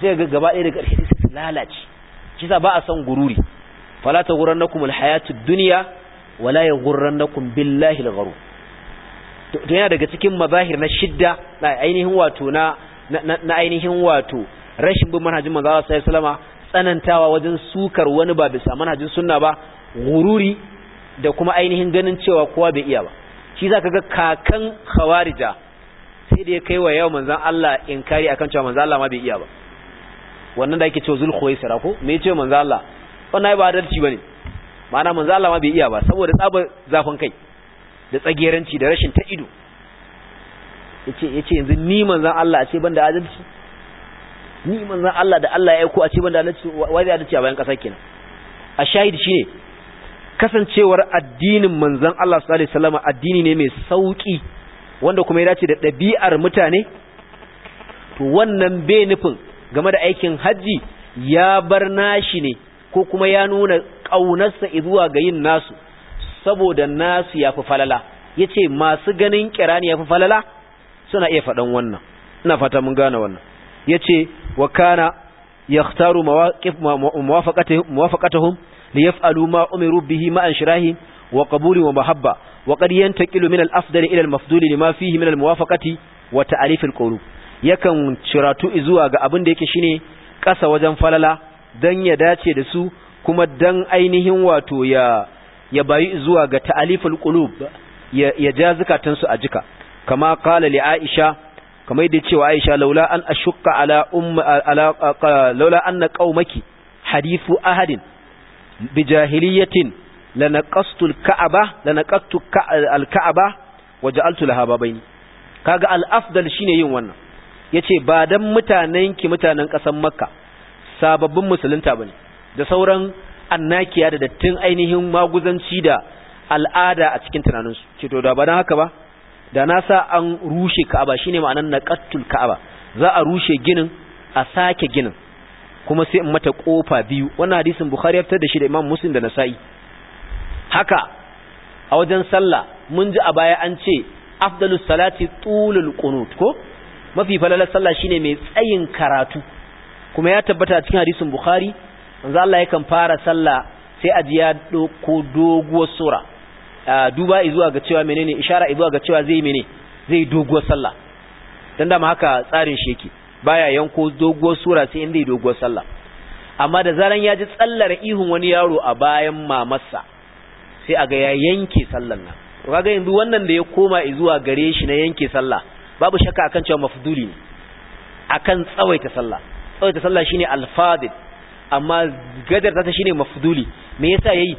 sai ga gaba ɗaya da ƙarshe sai su lalace kisa ba a son gururi fala ta gurannakum alhayatud dunya wala yaghurrannakum lahil garu to yana daga cikin mazahir na shidda na ainihin wato na na ainihin wato rashin bin manhajin manzo sallallahu alaihi wasallama tsanantawa wajen sukar wani ba bisa manhajin sunna ba gururi da kuma ainihin ganin cewa kowa bai iya ba shi zaka ga kakan khawarija sai da ya kai wa yau manzan Allah inkari akan cewa manzon Allah ma bai iya ba wannan da ake cewa zulkhuwaisara ko me yace manzon Allah wannan ba adalci bane ma'ana manzo Allah ma bai iya ba saboda tsabar zafin kai da tsageranci da rashin ta ido yace yace yanzu ni manzan Allah a ce banda adalci ni manzon Allah da Allah ya aiko a ce banda adalci wai da adalci a bayan kasa kenan a shahidi shine kasancewar addinin manzan Allah sallallahu alaihi wasallam addini ne mai sauki wanda kuma ya dace da dabi'ar mutane to wannan bai nufin game da aikin haji ya bar nashi ne ko kuma ya nuna ƙaunarsa izuwa ga yin nasu saboda nasu ya fi falala ya ce masu ganin kirani ya fi falala suna iya faɗan wannan ina fata mun gane wannan ya ce wa kana ya taru mawafaƙatahun da ya fa'alu ma'umiru bihi ma'an shirahi wa ƙabuli wa mahabba wa ƙaryen ta ƙilu minal afdari ilal mafduli da ma fihi minal mawafaƙati wa ta'arifin ƙoru yakan ciratu izuwa ga abin da yake shine ƙasa wajen falala don ya dace da su kuma dan ainihin wato ya ya bayi zuwa ga ta'aliful qulub ya ja zakatan su a jika kama qala li aisha kamar da cewa aisha laula an ashukka ala umma ala laula anna qaumaki hadithu ahadin jahiliyatin lanaqastu alka'aba lanaqattu alka'aba waja'altu laha babain kaga al-afdal shine yin wannan yace ba dan mutanen ki mutanen kasan makka sababbin musulunta bane da sauran annakiya da dattin ainihin maguzanci da al'ada a cikin tunaninsu ce to da ba haka ba da na sa an rushe ka'aba shine ma'anar naqattul ka'aba za a rushe ginin a sake ginin kuma sai in mata kofa biyu wannan hadisin bukhari ya fitar da shi da imam muslim da nasa'i haka a wajen sallah mun ji a baya an ce afdalus salati tulul qunut ko mafi falalar sallah shine mai tsayin karatu kuma ya tabbata a cikin hadisin bukhari manzo Allah yakan fara sallah sai a ko doguwar sura duba zuwa ga cewa menene ishara zuwa ga cewa zai mene zai doguwar sallah dan da haka tsarin shi yake baya yanko doguwar sura sai inda doguwar sallah amma da zaran ya ji tsallar ihun wani yaro a bayan mamarsa sai a ga ya yanke sallar nan to kaga yanzu wannan da ya koma zuwa gare shi na yanke sallah babu shakka akan cewa mafduli ne akan tsawaita sallah tsawaita sallah shine al-fadil amma gadar ta shine mafduli me yasa yayi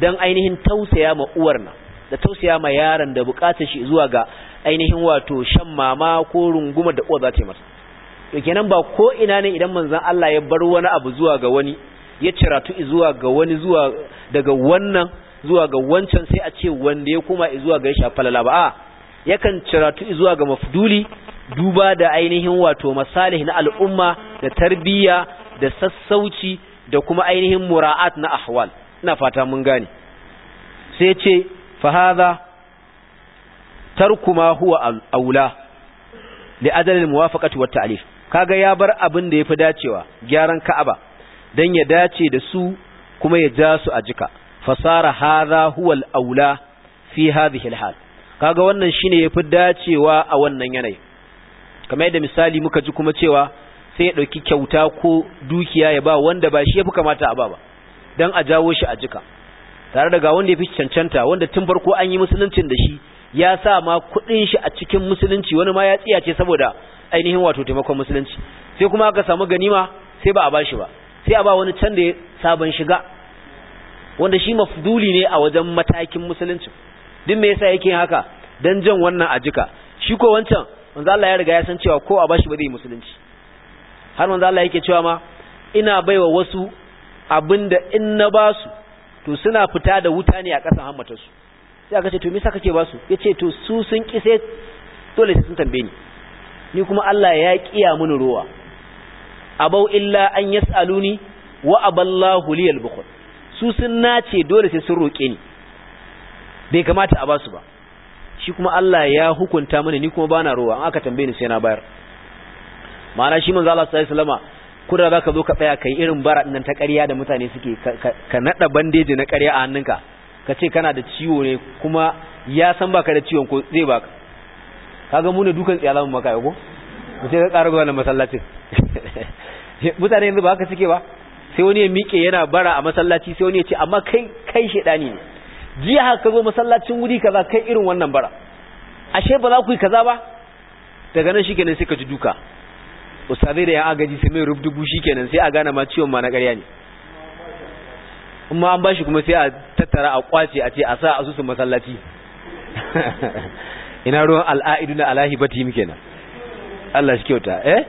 dan ainihin tausaya ma uwar na da tausaya ma yaron da bukatar shi zuwa ga ainihin wato shan mama ko runguma da uwar za ta yi masa to kenan ba ko ina ne idan manzon Allah ya bar wani abu zuwa ga wani ya ciratu zuwa ga wani zuwa daga wannan zuwa ga wancan sai a ce wanda ya koma zuwa ga ya falala ba a yakan ciratu zuwa ga mafduli duba da ainihin wato masalih na al'umma da tarbiyya da sassauci da kuma ainihin mura'at na ahwal ina fata mun gane sai ce fa hadha tarku ma huwa aula li adalil muwafaqati wat ta'lif kaga ya bar abin da yafi dacewa gyaran ka'aba dan ya dace da su kuma ya ja su a jika fasara hadha huwa aula fi hadhihi al-hal kaga wannan shine yafi dacewa a wannan yanayi kamar yadda misali muka ji kuma cewa sai ya ɗauki kyauta ko dukiya ya ba wanda ba shi ya fi kamata a ba ba don a jawo shi a jika tare da ga wanda ya fi cancanta wanda tun farko an yi musuluncin da shi ya sa ma kuɗin shi a cikin musulunci wani ma ya tsiya ce saboda ainihin wato taimakon musulunci sai kuma aka samu ganima sai ba a ba shi ba sai a ba wani can da sabon shiga wanda shi mafuduli ne a wajen matakin musulunci duk me yasa yake haka dan jan wannan a jika shi ko wancan manzo Allah ya riga ya san cewa ko a bashi ba zai musulunci har manzo Allah yake cewa ma ina baiwa wasu abinda in na ba su to suna fita da wuta ne a kasan hammatar su sai aka ce to me yasa kake ba su yace to su sun kise dole sun tambaye ni ni kuma Allah ya kiya mini ruwa abau illa an yasaluni wa aballahu liyal bukhul su sun nace dole sai sun roke ni bai kamata a basu ba shi kuma Allah ya hukunta mini ni kuma bana ruwa an aka tambaye ni sai na bayar ma'ana shi manzo Allah sallallahu alaihi wasallam za zaka zo ka tsaya kai irin bara nan ta ƙarya da mutane suke ka nada bandeji na ƙarya a hannunka ka ce kana da ciwo ne kuma ya san baka da ciwon ko zai baka kaga mu ne dukan tsiyala mu maka ko mu ce ka ƙara zuwa masallacin mutane yanzu ba haka suke ba sai wani ya miƙe yana bara a masallaci sai wani ya ce amma kai kai shedani ne jiya haka zo masallacin wuri kaza kai irin wannan bara ashe ba za ku yi kaza ba daga nan shikenan sai ka ji duka ustazai da ya agaji sai mai rub dubu kenan sai a gane ma ciwon ma na ƙarya ne amma an bashi kuma sai a tattara a kwace a ce a sa a asusun masallaci ina ruwan al'aduna alahi bati muke nan Allah shi kyauta eh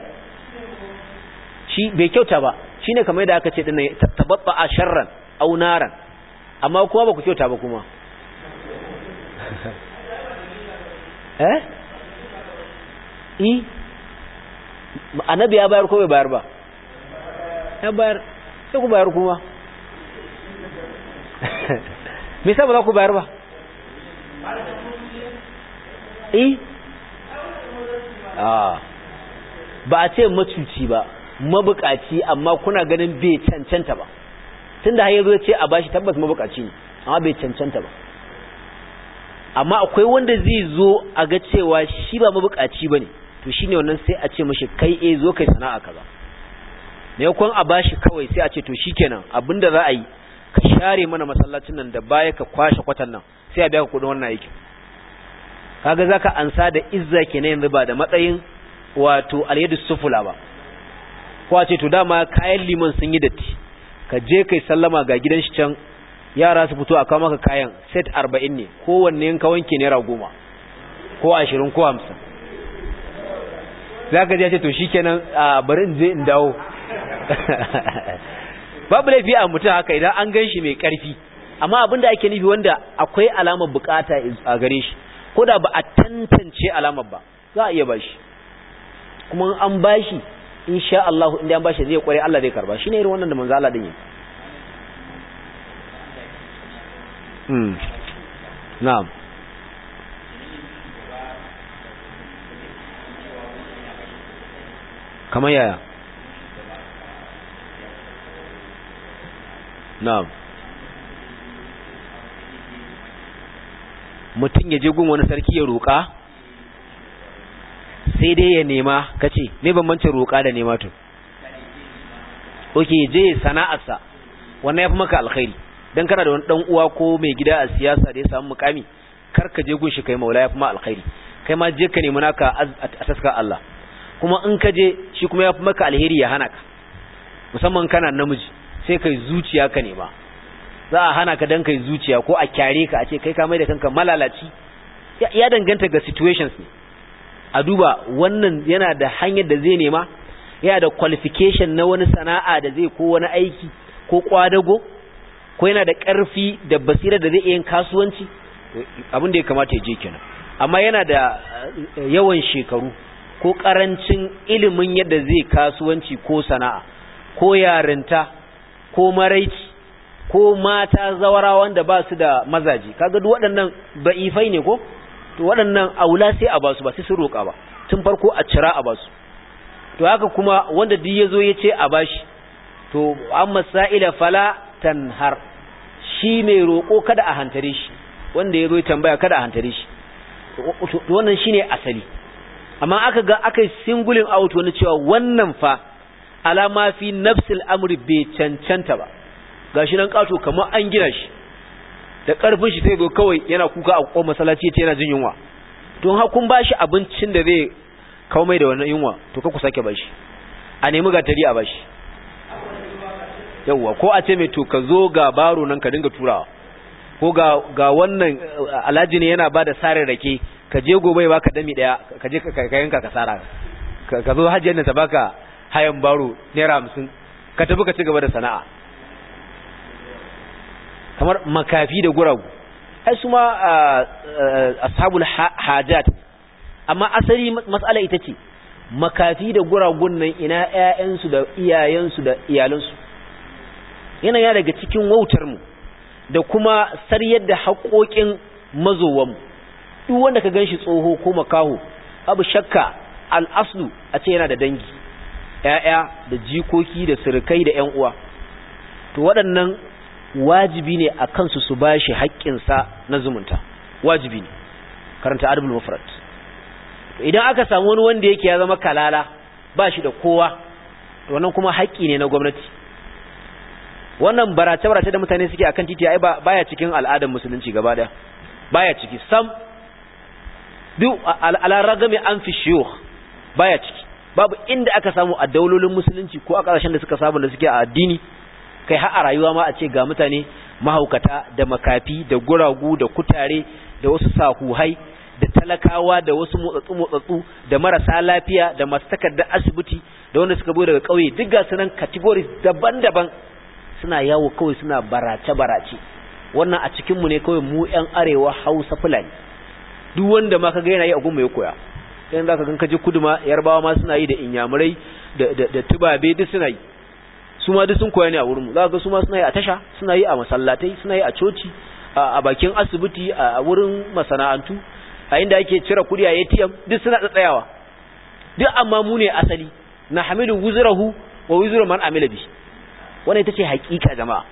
shi bai kyauta ba shine kamar yadda aka ce dinnan tababba a sharran au naran amma kuma ba ku kyauta ba kuma eh i annabi ya bayar ko bai bayar ba ya bayar sai ku bayar kuma me yasa ba za ku bayar ba eh ah ba a ce macuci ba mabukaci amma kuna ganin bai cancanta ba tunda har yazo ce a bashi tabbas mabukaci ne amma bai cancanta ba amma akwai wanda zai zo a ga cewa shi ba mabukaci bane to shi ne wannan sai a ce mashi kai e zo kai sana'a kaza maimakon a bashi kawai sai a ce to shikenan abinda za a yi ka share mana masallacin nan da baya ka kwashe kwatan nan sai a biya ka kudin wannan aikin kaga zaka ansa da izza kenan yanzu ba da matsayin wato alyadu sufula ba ko a ce to dama kayan liman sun yi datti ka je kai sallama ga gidan shi can yara su fito a kawo maka kayan set 40 ne kowanne yanka ka wanke naira goma ko ashirin ko hamsin. za ka ji ya ce to shi kenan bari in je in dawo babu laifi a mutum haka idan an gan shi mai karfi amma abin da ake nufi wanda akwai alamar bukata a gare shi ko da ba a tantance alamar ba za a iya bashi kuma an bashi insha Allah inda an bashi zai kware Allah zai karba shine irin wannan da manzo Allah din yi hmm. na'am kamar yaya na'am mutum ya je gun wani sarki ya roƙa sai dai ya nema kace me bambancin roƙa da nema to oke je sana'arsa wannan ya fi maka alkhairi don kana da wani ɗan uwa ko mai gida a siyasa da ya samu mukami kar ka je gun shi kai maula ya fi ma alkhairi kai ma je ka nemi naka a taska Allah kuma in ka je shi kuma ya fi maka alheri ya hana ka musamman kana namiji sai kai zuciya ka nema za a hana ka dan kai zuciya ko a kyare ka a ce kai ka mai da kanka malalaci ya danganta ga situations ne a duba wannan yana da hanyar da zai nema yana da qualification na wani sana'a da zai ko wani aiki ko kwadago ko yana da karfi da basira da zai iya yin kasuwanci abin da ya kamata ya je kenan amma yana da eh, yawan shekaru ko ƙarancin ilimin yadda zai kasuwanci ko sana'a ko yarinta ko maraici ko mata zawara wanda ba su da mazaji kaga duk waɗannan ba'ifai ne ko to waɗannan aula sai a basu ba sai su roƙa ba tun farko a cira a basu to haka kuma wanda duk yazo ya ce a bashi to amma sa'ila fala tanhar shi mai roƙo kada a hantare shi wanda yazo ya tambaya kada a hantare shi to wannan shine asali amma aka ga aka yi singulin out wani cewa wannan fa alama fi nafsil amri bai cancanta ba gashi nan kato kamar an gina shi da karfin shi sai zo kawai yana kuka a kokon masallaci yace yana jin yunwa don har kun bashi abincin da zai kawo mai da wannan yunwa to ka ku sake bashi a nemi gatari a bashi yauwa ko a ce mai to ka zo ga baro nan ka dinga turawa ko ga wannan alhaji ne yana bada sare rake ka je gobe ba ka dami daya ka je ka yanka ka sara ka zo hajjiyar da ta baka hayan baro naira hamsin ka tafi ka ci gaba da sana'a kamar makafi da guragu ai su ma ashabul hajat amma asali mas'ala ita ce makafi da guragun nan ina ƴaƴansu da iyayensu da iyalansu yana ya daga cikin wautar mu da kuma saryar da haƙoƙin mazowanmu duk wanda ka ganshi tsoho ko makaho abu shakka al'aslu a ce yana da dangi ‘ya'ya da jikoki da sirikai da ‘yan uwa to waɗannan wajibi ne a kansu su ba shi haƙƙinsa na zumunta wajibi ne karanta adabul mufrad idan aka samu wani wanda yake ya zama kalala ba shi da kowa to wannan kuma haƙƙi ne na gwamnati wannan barace-barace da mutane suke akan titi ai baya cikin al'adar musulunci gaba daya baya ciki sam duk alaragami an fi shiyuh baya ciki babu inda aka samu a daulolin musulunci ko a ƙasashen da suka samu da suke a addini kai har a rayuwa ma a ce ga mutane mahaukata da makafi da guragu da kutare da wasu sahuhai da talakawa da wasu motsatsu motsatsu da marasa lafiya da masu takardar asibiti da wanda suka bude daga ƙauye duk ga sunan categories daban-daban suna yawo kawai suna barace barace wannan a cikin mu ne kawai mu yan arewa Hausa Fulani duk wanda ma kaga yana yi a gun mai koya idan zaka gan kaje kudu ma yarbawa ma suna yi da inyamurai da da tubabe duk suna yi su ma duk sun koya ne a wurin mu zaka ga su ma suna yi a tasha suna yi a masallatai suna yi a coci a bakin asibiti a wurin masana'antu a inda ake cire kudi a ATM duk suna tsayawa duk amma mu ne asali na hamidu wuzrahu wa wuzru man amila bi wannan ita ce hakika jama'a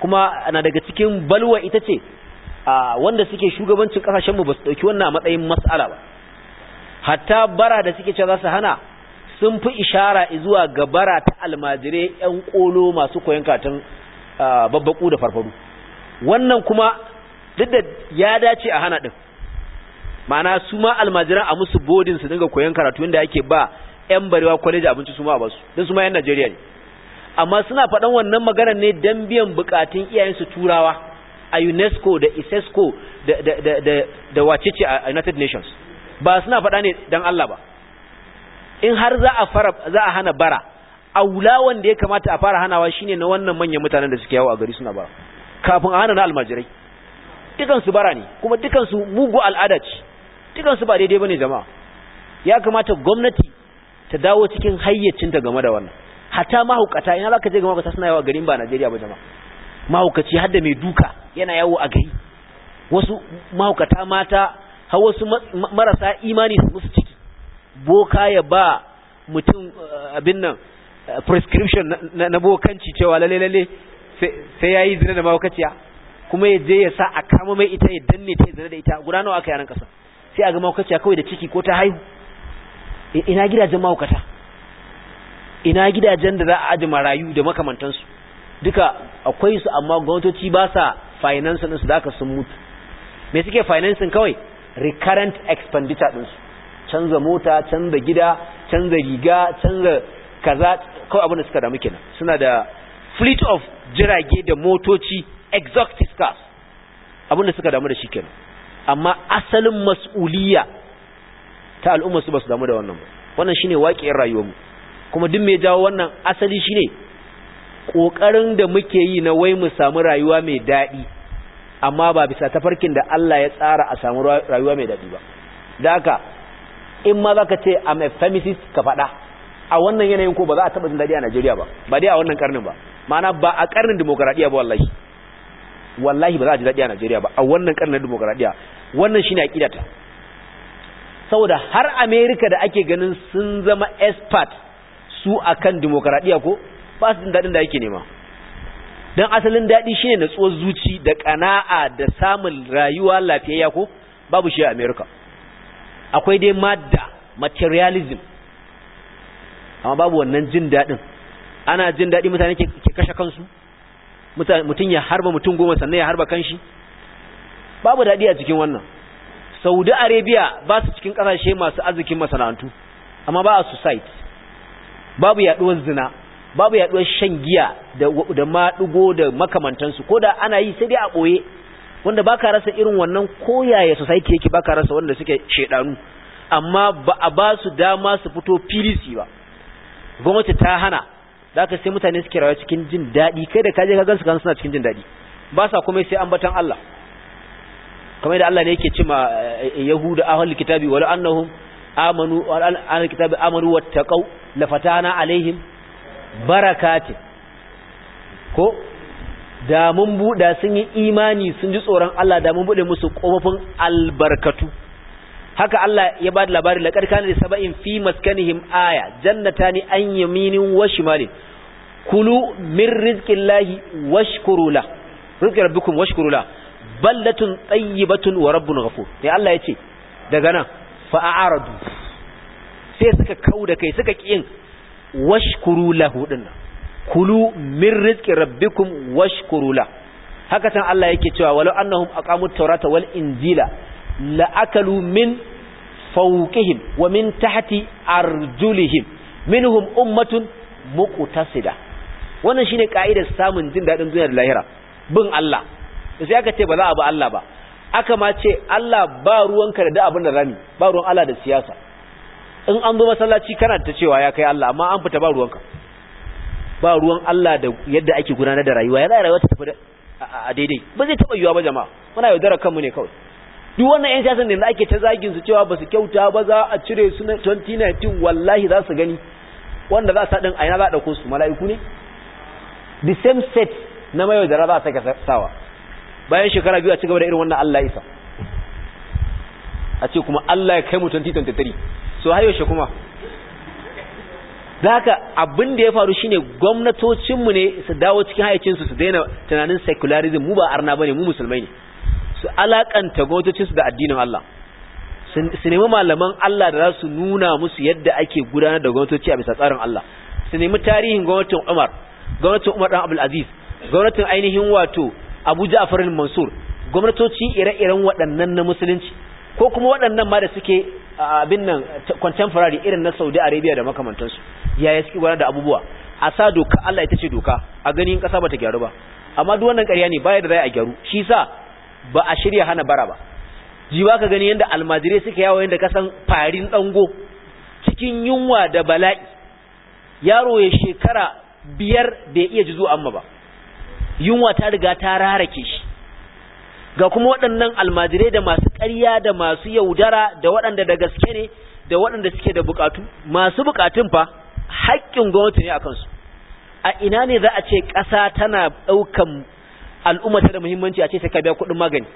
kuma ana daga cikin balwa ita ce wanda suke shugabancin kasashen mu ba su dauki wannan a matsayin mas'ala ba hatta bara da suke cewa za su hana sun fi ishara zuwa ga bara ta almajire yan kolo masu koyon katin babbaku da farfaru wannan kuma duk da ya dace a hana din ma'ana su ma almajiran a musu bodin su dinga koyon karatu inda yake ba yan barewa kwaleji abinci su ma a basu don su ma yan Najeriya ne amma suna faɗan wannan maganar ne don biyan bukatun iyayensu turawa a UNESCO da ISESCO da da da da, da wacece a United Nations ba suna faɗa ne dan Allah ba in har za a fara za a hana bara aula wanda ya kamata a fara hanawa shine na wannan manyan mutanen da suke yawo a gari suna bara kafin a hana na almajirai dukan su bara ne kuma dukan su mugu al'ada ce dukan su ba daidai bane jama'a ya kamata gwamnati ta dawo cikin hayyacinta game da wannan hata mahaukata ina zaka je ga ta suna yawa garin ba Najeriya ba jama'a mahaukaci hadda mai duka yana yawo a gari wasu mahaukata mata har wasu marasa imani su musu ciki boka ya ba mutum eh, abin nan eh, prescription na bokanci cewa lalle lalle sai yi zina da mahaukaciya kuma ya je ya sa a kama mai ita ya danne ta zina da ita guda nawa aka yaran kasa sai a ga mahaukaciya kawai da ciki ko ta haihu ina gidajen mahaukata ina gidajen da za a aji marayu da makamantansu duka akwai su amma gwamnatoci ba sa finance ɗinsu da aka sun mutu me suke financing kawai recurrent expenditure ɗinsu canza mota canza gida canza riga canza kaza kawai abin da suka damu kenan suna da fleet of jirage da motoci exotic cars abin da suka damu da shi kenan amma asalin mas'uliya ta al'umma su ba su damu da wannan ba wannan shine waƙiyar rayuwarmu kuma duk mai jawo wannan asali shine ƙoƙarin da muke yi na wai mu samu rayuwa mai daɗi amma ba bisa tafarkin da Allah ya tsara a samu rayuwa mai daɗi ba da haka in ma za ka ce am a pharmacist ka faɗa a wannan yanayin ko ba za a taɓa jin daɗi a Najeriya ba ba dai a wannan karnin ba ma'ana ba a karnin demokaradiyya ba wallahi wallahi ba za a ji daɗi a Najeriya ba a wannan karnin demokaradiyya wannan shine aqidata saboda har America da ake ganin sun zama expert su akan demokaradiyya ko ba su jin daɗin da ake nema don asalin daɗi shine natsuwar zuci da ƙana'a da samun rayuwa lafiyayya ko babu shi a america akwai dai madda materialism amma babu wannan jin daɗin ana jin daɗi mutane ke kashe kansu mutum ya harba mutum goma sannan ya harba kanshi babu daɗi a cikin wannan saudi arabia ba su cikin ƙasashe masu arzikin masana'antu amma ba a society babu yaɗuwar zina babu yaduwar shan giya da da da makamantansu ko da ana yi sai dai a ɓoye wanda baka rasa irin wannan koyaya society yake baka rasa wanda suke shaidanu amma ba a ba su dama su fito filisi ba gwamnati ta hana ka sai mutane suke rayuwa cikin jin daɗi kai da kaje ka gansu ka suna cikin jin daɗi ba sa komai sai ambatan Allah kamar da Allah ne yake cima eh, eh, yahuda ahlul kitabi wal annahum amanu annahum kitabi amanu wattaqau lafatana alaihim ce ko da mun buɗa sun yi imani sun ji tsoron Allah da mun buɗe musu ƙofofin albarkatu haka Allah ya ba da labari laqad kana li sab'in fi maskanihim aya jannatani an yaminin wa shimalin kulu min rizqillahi washkuru la rabbikum washkuru ballatun tayyibatun wa rabbun ghafur ya Allah ya ce daga nan fa sai suka kauda kai suka kiyin washkuru lahu din kulu min rizqi rabbikum washkuru la haka san Allah yake cewa walau annahum aqamut tawrata wal injila la akalu min fawqihim wa min tahti arjulihim minhum ummatun muqtasida wannan shine kaidar samun jin dadin duniya da lahira bin Allah sai aka ce ba za a bi Allah ba aka ma ce Allah ba ruwanka da abin da rami ba ruwan Allah da siyasa in an zo masallaci kana ta cewa ya kai Allah amma an fita ba ruwanka ba ruwan Allah da yadda ake gudanar da rayuwa ya rayuwa ta tafi a daidai ba zai taɓa yiwa ba jama'a muna yaudarar kanmu ne kawai duk wannan 'yan siyasan da ake ta zagin su cewa ba su kyauta ba za a cire su na 2019 wallahi za su gani wanda za su ɗin aina za a ɗauko su mala'iku ne the same set na mayo da za a sake sawa bayan shekara biyu a cigaba da irin wannan Allah isa a ce kuma Allah ya kai mu 2023 to har yaushe kuma zaka abin da ya faru shine gwamnatocinmu ne su dawo cikin hayacinsu su su daina tunanin secularism mu ba arna bane mu musulmai ne su alakanta gwamnatocinsu da addinin Allah su nemi malaman Allah da za su nuna musu yadda ake gudanar da gwamnatoci a bisa tsarin Allah su nemi tarihin gwamnatin Umar gwamnatin Umar dan Abdul Aziz gwamnatin ainihin wato Abu Ja'far al-Mansur gwamnatoci ire-iren waɗannan na musulunci ko kuma waɗannan ma da suke abin nan contemporary irin na Saudi Arabia da makamantansu yaya suke gwada da abubuwa a sa doka Allah ita ce doka a ganin ƙasa bata gyaru ba amma duk wannan ƙarya ne baya da rai a gyaru shi sa ba a shirya hana bara ba jiwa ka gani yadda almajirai suke yawo yadda kasan farin dango cikin yunwa da bala'i yaro ya shekara biyar bai iya jizo amma ba yunwa ta riga ta rarake shi ga kuma waɗannan almajirai da masu ƙarya da masu yaudara da waɗanda da gaske ne da waɗanda suke da bukatu masu bukatun fa haƙƙin gwamnati ne a kansu a ina ne za a ce ƙasa tana ɗaukan al'umma ta da muhimmanci a ce sai ka biya kuɗin magani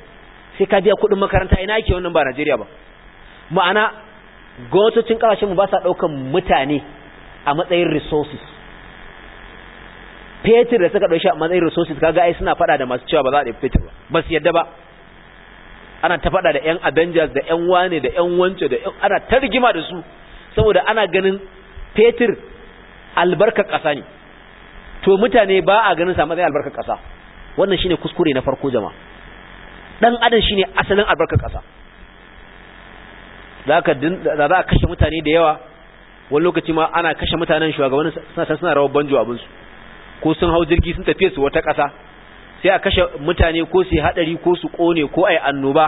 sai ka biya kuɗin makaranta ina yake wannan ba Najeriya ba ma'ana gwamnatocin mu ba sa ɗaukan mutane a matsayin resources fetur da suka ɗauki a matsayin resources kaga ai suna faɗa da masu cewa ba za a ɗauki fetur ba ba su yadda ba ana ta faɗa da 'yan avengers da 'yan wane da 'yan wance da ana ta rigima da su saboda ana ganin fetur albarkar ƙasa ne to mutane ba a ganin sa matsayin albarkar ƙasa wannan shine kuskure na farko jama'a dan adam shine asalin albarkar ƙasa zaka za a kashe mutane da yawa wani lokaci ma ana kashe mutanen shugabannin suna suna rawar banjo abinsu ko sun hau jirgi sun tafiye su wata ƙasa sai a kashe mutane ko su haɗari ko su ƙone ko a yi annoba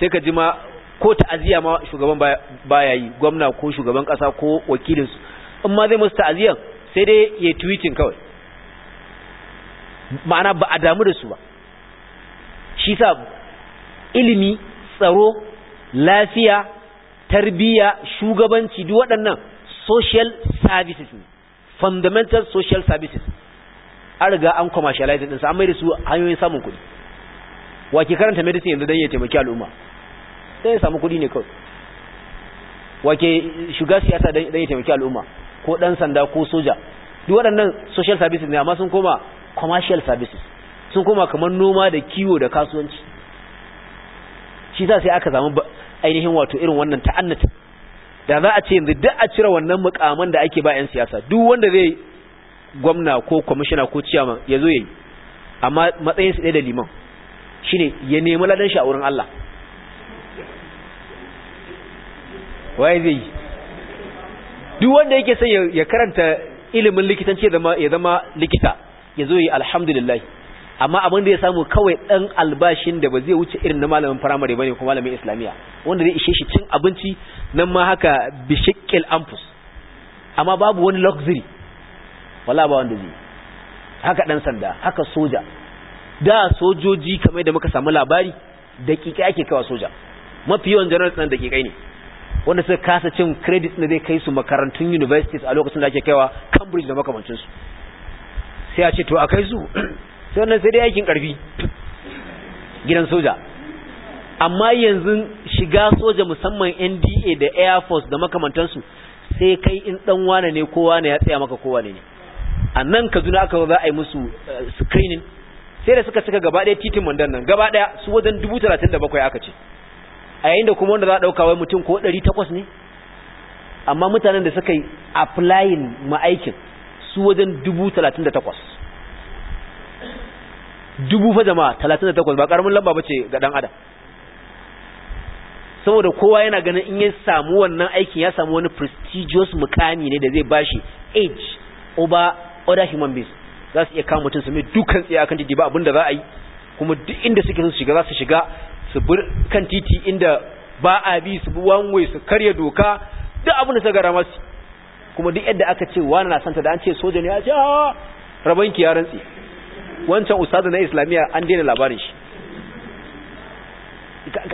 sai ka ji ma ko ta'aziyya ma shugaban baya yi gwamna ko shugaban ƙasa ko wakilinsu in ma zai musu ta'aziyyan sai dai ya tweetin kawai ma'ana ba a damu da su ba shi sa ilimi tsaro lafiya tarbiyya shugabanci duk waɗannan social services ne fundamental social services an riga an commercialize din sa an mai da su hanyoyin samun kuɗi wa ke karanta medicine yanzu dan ya taimaki al'umma sai ya samu kuɗi ne kawai wa ke shiga siyasa dan ya taimaki al'umma ko dan sanda ko soja duk waɗannan social services ne amma sun koma commercial services sun koma kamar noma da kiwo da kasuwanci shi sa sai aka samu ainihin wato irin wannan ta'annata da za a ce yanzu duk a cire wannan mukamman da ake ba 'yan siyasa duk wanda zai gwamna ko kwamishina ko ciyaman ya zo ya yi amma matsayin su ɗaya da liman shi ne ya nemi ladan shi a wurin Allah waye zai yi duk wanda yake son ya karanta ilimin likitanci ya zama likita ya zo yi alhamdulillah amma abin da ya samu kawai ɗan albashin da ba zai wuce irin na malamin firamare ba ne ko malamin islamiyya wanda zai ishe shi cin abinci nan ma haka bishikil amfus amma babu wani luxury wala ba wanda zai haka dan sanda haka soja da sojoji kamar da muka samu labari daƙiƙa ake kawa soja mafi yawan general ɗin daƙiƙai ne wanda suka kasa cin credit na zai kai su makarantun universities a lokacin da ake kaiwa cambridge da makamancinsu sai a ce to a kai su sai wannan sai dai aikin karfi gidan soja amma yanzu shiga soja musamman nda da air force da makamantansu sai kai in ɗan wane ne kowa ne ya tsaya maka kowa ne ne a nan kaduna aka za a yi musu eh, screening sai da suka cika gaba ɗaya titin mandan nan gaba ɗaya su wajen dubu talatin da bakwai aka ce a yayin da kuma wanda za a ɗauka wai mutum ko ɗari takwas ne amma mutanen da suka yi applying ma'aikin su wajen dubu talatin da takwas dubu fa jama'a talatin da takwas ba ƙaramin lamba ba ce ga ɗan adam saboda kowa yana ganin in ya samu wannan aikin ya samu wani prestigious mukami ne da zai bashi age Oba other human beings za su iya kama mutum su mai dukkan tsaye akan titi ba abin da za a yi kuma duk inda suke su shiga za su shiga su bi kan titi inda ba a bi su bi one su karya doka duk abin da suka gara masu kuma duk yadda aka ce wani na santa da an ce soja ne ya ce a ah, ki ya rantsi wancan ustadu na islamiyya an daina labarin shi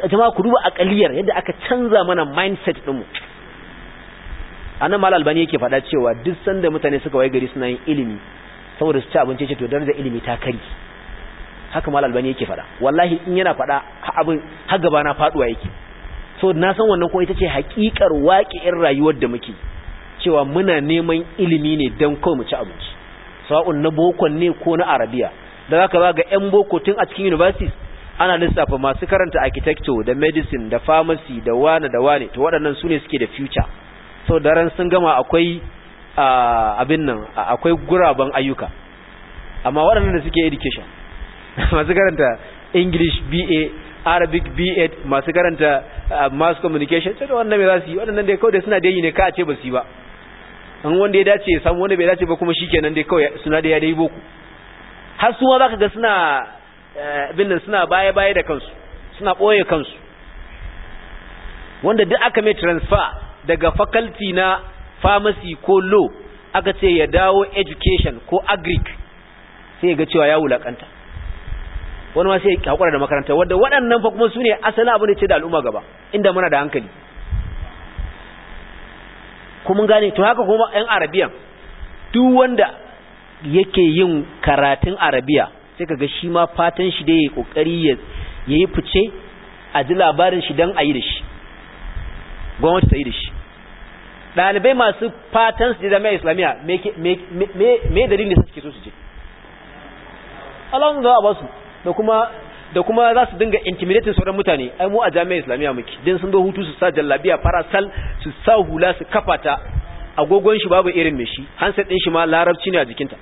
jama'a ku duba akaliyar yadda aka canza mana mindset ɗinmu anan mal albani yake faɗa cewa duk sanda mutane suka waye gari suna yin ilimi saboda su ci abinci ce to darajar ilimi ta kari haka mal albani yake faɗa wallahi in yana faɗa abin har gaba na faɗuwa yake so na san wannan ko ita ce haƙiƙar waƙi'in rayuwar da muke cewa muna neman ilimi ne don kawai mu ci abinci sawa'un na bokon ne ko na arabiya da zaka ba ga yan boko tun a cikin universities ana lissafa masu karanta architecture da medicine da pharmacy da wane da wane to waɗannan su ne suke da future sau sun gama akwai abin nan akwai guraben ayyuka amma waɗanda da suke education masu karanta english ba arabic ba masu karanta mass communication sai da wannan mai za su yi waɗannan dai kawai da suna dai ne ka a ce ba su yi ba an wanda ya dace ya samu wanda bai dace ba kuma shikenan dai kawai suna da ya dai boku har su ma zaka ga suna abin nan suna baya baya da kansu suna boye kansu wanda duk aka mai transfer daga faculty na pharmacy ko law aka ce ya dawo education ko agric sai ga cewa ya wulakanta wani ma sai ya hakura da makaranta wanda waɗannan fa kuma su ne asali abin da ce da al'umma gaba inda muna da hankali kuma gane to haka kuma 'yan arabiyan duk wanda yake yin karatun arabiya sai kaga shi ma fatan shi dai kokari ya yi fice a ji labarin shi don a yi da shi gwamnati ta yi da shi ɗalibai masu fatan su jami'a islamiyya me dalilin da suke so su je alawun za a ba su da kuma da za su dinga intimidating sauran mutane ai mu a jami'a islamiyya muke din sun zo hutu su sa jallabiya farasal su sa hula su kafa ta agogon shi babu irin mai shi handset din shi ma larabci ne a jikinta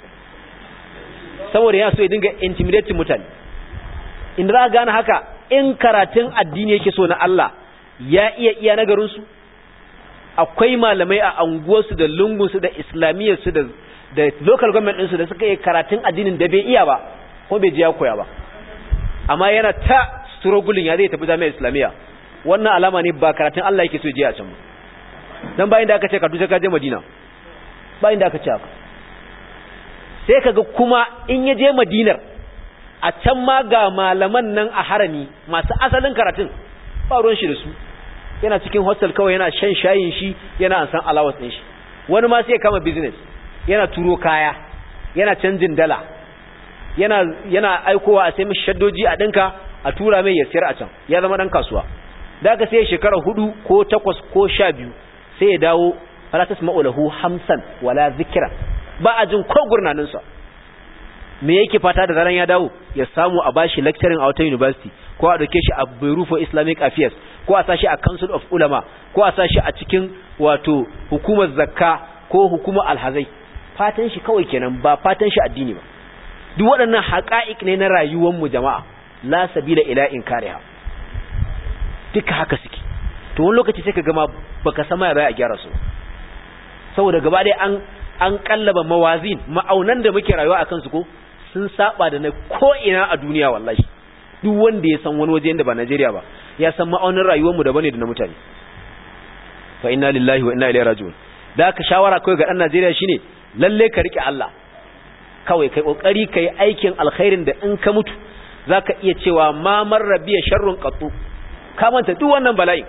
saboda ya so ya dinga intimidating mutane in za gane haka in karatun addini yake so na Allah ya iya iya na garin su akwai malamai a anguwarsu da lungunsu da islamiyyarsu da local government ɗinsu da suka yi karatun addinin da bai iya ba ko bai ji ya koya ba amma yana ta struggling ya zai tafi jami'ar islamiyya wannan alama ne ba karatun Allah yake so je a can ba dan bayan da aka ce Kaduna ka je Madina bayan da aka ce haka sai kaga kuma in ya je Madinar a can ma ga malaman nan a harami masu asalin karatun ba ruwan shi da su yana cikin hostel kawai yana shan shayin shi yana ansan allowance din shi wani ma sai kama business yana turo kaya yana canjin dala yana yana aikowa a sai mishi shaddoji a dinka a tura mai ya sayar a can ya zama dan kasuwa daga sai shekara hudu ko takwas ko sha biyu sai ya dawo fala tasma'u lahu hamsan wala zikra ba a jin ko gurnanin sa me yake fata da zaran ya dawo ya samu a bashi lecturing a wata university ko a dauke shi a Bureau for Islamic Affairs ko a sashi a Council of Ulama ko a sashi a cikin wato hukumar zakka ko hukumar alhazai fatan shi kawai kenan ba fatan shi addini ba duk waɗannan haƙa'iq ne na rayuwar mu jama'a la sabila ila inkariha duka haka suke to wani lokaci sai ka gama baka sama ya a gyara su saboda gaba ɗaya an an kallaba mawazin ma'aunan da muke rayuwa akan su ko sun saba da na ko ina a duniya wallahi duk wanda ya san wani waje inda ba Najeriya ba ya san ma'aunin rayuwar mu da bane da na mutane fa inna lillahi wa inna ilaihi raji'un da ka shawara kai ga dan Najeriya shine lalle ka rike Allah kawai kai kokari kai aikin alkhairin da in ka mutu zaka iya cewa ma marrabiya sharrun qatu ka manta duk wannan bala'in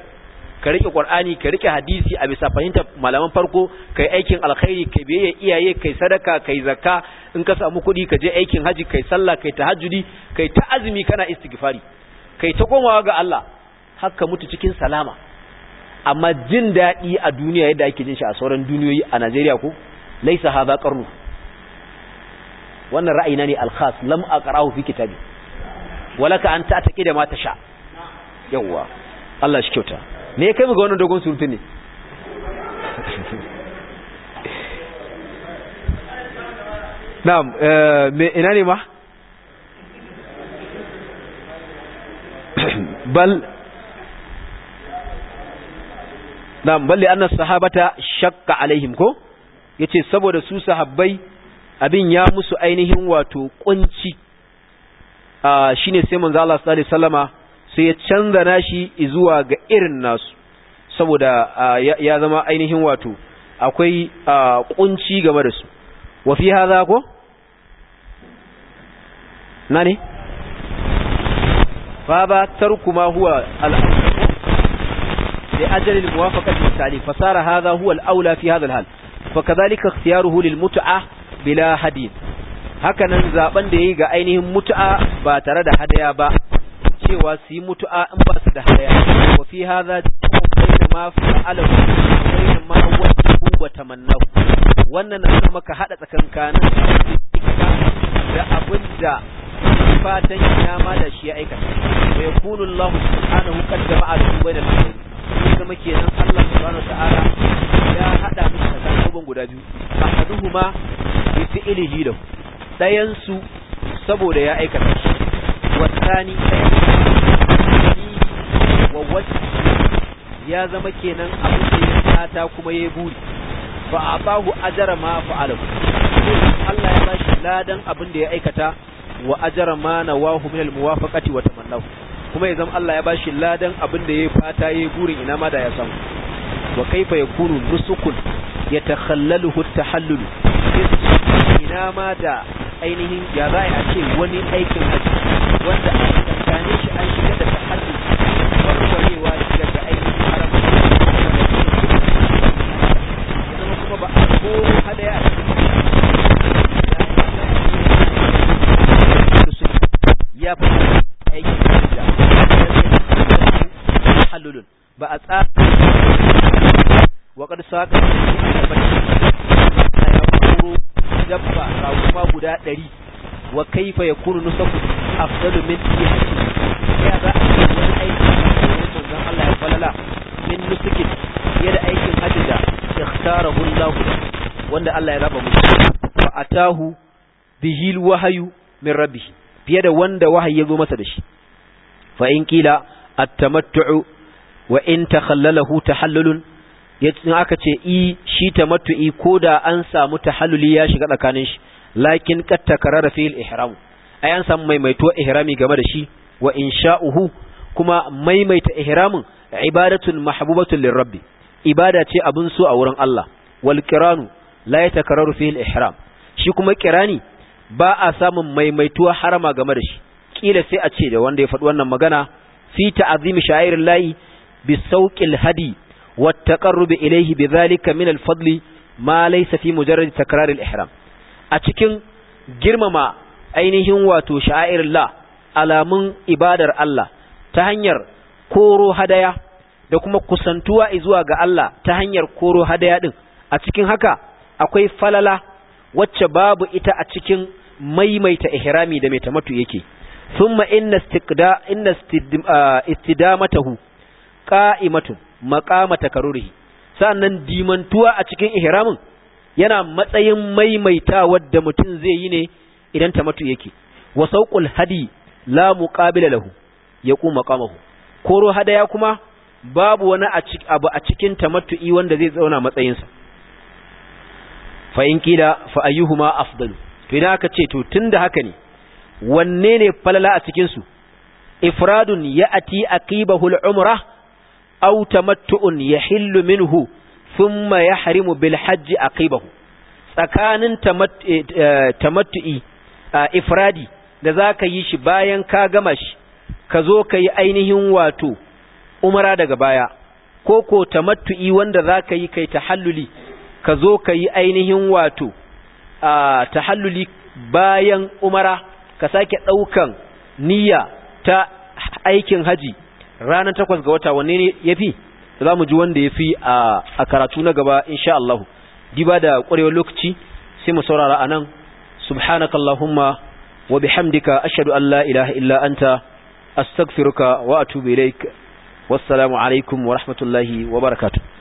ka rike qur'ani ka rike hadisi a bisa fahimta malaman farko kai aikin alkhairi kai biyayya iyaye kai sadaka kai zakka in ka samu kuɗi ka je aikin haji kai sallah kai tahajjudi kai ta azumi kana istighfari kai ta komawa ga Allah haka mutu cikin salama amma jin daɗi a duniya yadda ake jin shi a sauran duniyoyi a Najeriya ko laisa hadha qarnu wannan ra'ayina ne al-khas lam aqra'u fi kitabi walaka an ta'taqida ma tasha yawwa Allah shi kyauta me ya kai mu ga wannan dogon surutu ne na'am eh, me ina ne ma bal na'am balli annas sahabata shakka alaihim ko yace saboda su sahabbai abin ya musu ainihin wato kunci ah, shine sai manzo Allah sallallahu alaihi wasallama sai ya canza nashi zuwa ga irin nasu saboda ya zama ainihin wato akwai kunci game da su wa fi hadha ko nani فابى ترك ما هو fasara haza huwa للتعليم فصار haza هو الأولى في هذا الحال فكذلك bila للمتعة hakanan zaben da ya yi ga ainihin mutu'a ba tare da hadaya ba cewa su yi mutu'a in ba su da haya wa fi hadha bayna ma fa'ala bayna ma wajibu wa tamannahu wannan na zama ka hada tsakankanin da abinda fatan ya ma da shi ya aikata wa yakunu Allah subhanahu qad jama'a bayna al da kuma kenan Allah subhanahu wa ta'ala ya hada musu tsakanin guda biyu ahaduhuma bi fi'lihi lahu dayan su saboda ya aikata shi والثاني ووجه يا زما kenan ابو da ya fata kuma yayi buri fa abahu ajra ma fa'alahu Allah ya bashi ladan abin da ya aikata wa ajara ma nawahu min almuwafaqati wa tamannahu kuma yanzu Allah ya bashi ladan abin da yayi fata yayi burin ina ma da ya samu wa kaifa yakunu nusukun yatakhallaluhu at-tahallul ina ma da ainihin ya za a ce wani aikin haji wanda a tsakane shi an shiga da tahaddi warwarewa daga ainihin haramci zama kuma ba a ko hadaya a cikin ya fi aikin da halulun ba a tsaka waƙar saƙa guda ɗari wa kaifa ya kuru nusa kudu afdalu min jihati ya za a yi wani aiki da manzon Allah ya falala min nusukin ya da aikin hajji da ikhtarahu wanda Allah ya raba mushi fa atahu bihil wahayu min rabbi fiye da wanda wahayi ya zo masa da shi fa in kila at-tamattu'u wa in takhallalahu tahallulun in aka ce i shi ko koda an samu tahalluli ya shiga tsakanin shi lakin qad takarrara fil ihram ai an samu maimaituwa ihrami game da shi wa insha'uhu kuma maimaita ihramin ibadatun mahbubatun lirabbi ibada ce abin so a wurin Allah wal qiranu la yatakarraru fihi al ihram shi kuma kirani ba a samun maimaituwa harama game da shi kila sai a ce da wanda ya faɗi wannan magana fi ta'zimi sha'irin layi bi sauqil hadi wat taqarrub ilayhi bidhalika min al fadli ma laysa fi mujarrad takrar al ihram a cikin girmama ainihin wato sha'airullah alamun ibadar Allah ta hanyar koro hadaya da kuma kusantuwa zuwa ga Allah ta hanyar koro hadaya din a cikin haka akwai falala wacce babu ita a cikin maimaita ihrami da mai tamatu yake thumma inna istiqda inna ah, istidamatahu qa'imatun maqama takaruri. sannan dimantuwa a cikin ihramin yana matsayin maimaitawar da mutum zai yi ne idan tamattu yake wa sauqul hadi la muqabila lahu yaqum maqamahu koro hadaya kuma babu wani abu a cikin tamattu'i wanda zai zauna matsayinsa fa in kila fa ayyuhuma afdal to idan aka ce to tunda haka ne wanne ne falala a cikin su ifradun ya'ti aqibahu al-umrah aw tamattu'un yahillu minhu thumma yahrimu bil hajj aqibahu tsakanin eh, eh, tamattu'i ifradi da za ka yi shi bayan ka gama shi ka zo ka yi ainihin wato umara daga baya ko ko matu'i wanda za ka yi kai tahalluli ka zo ka yi ainihin wato a tahalluli bayan umara ka sake ɗaukan niyya ta aikin haji ranar takwas ga wata wanne ne ya fi za mu ji wanda ya fi a karatu na gaba insha Allah diba da ƙwarewar lokaci sai mu saurara a nan subhanakallahumma wa bihamdika ashhadu an la ilaha illa anta astaghfiruka wa atubu ilaik wassalamu alaikum wa rahmatullahi wa barakatuh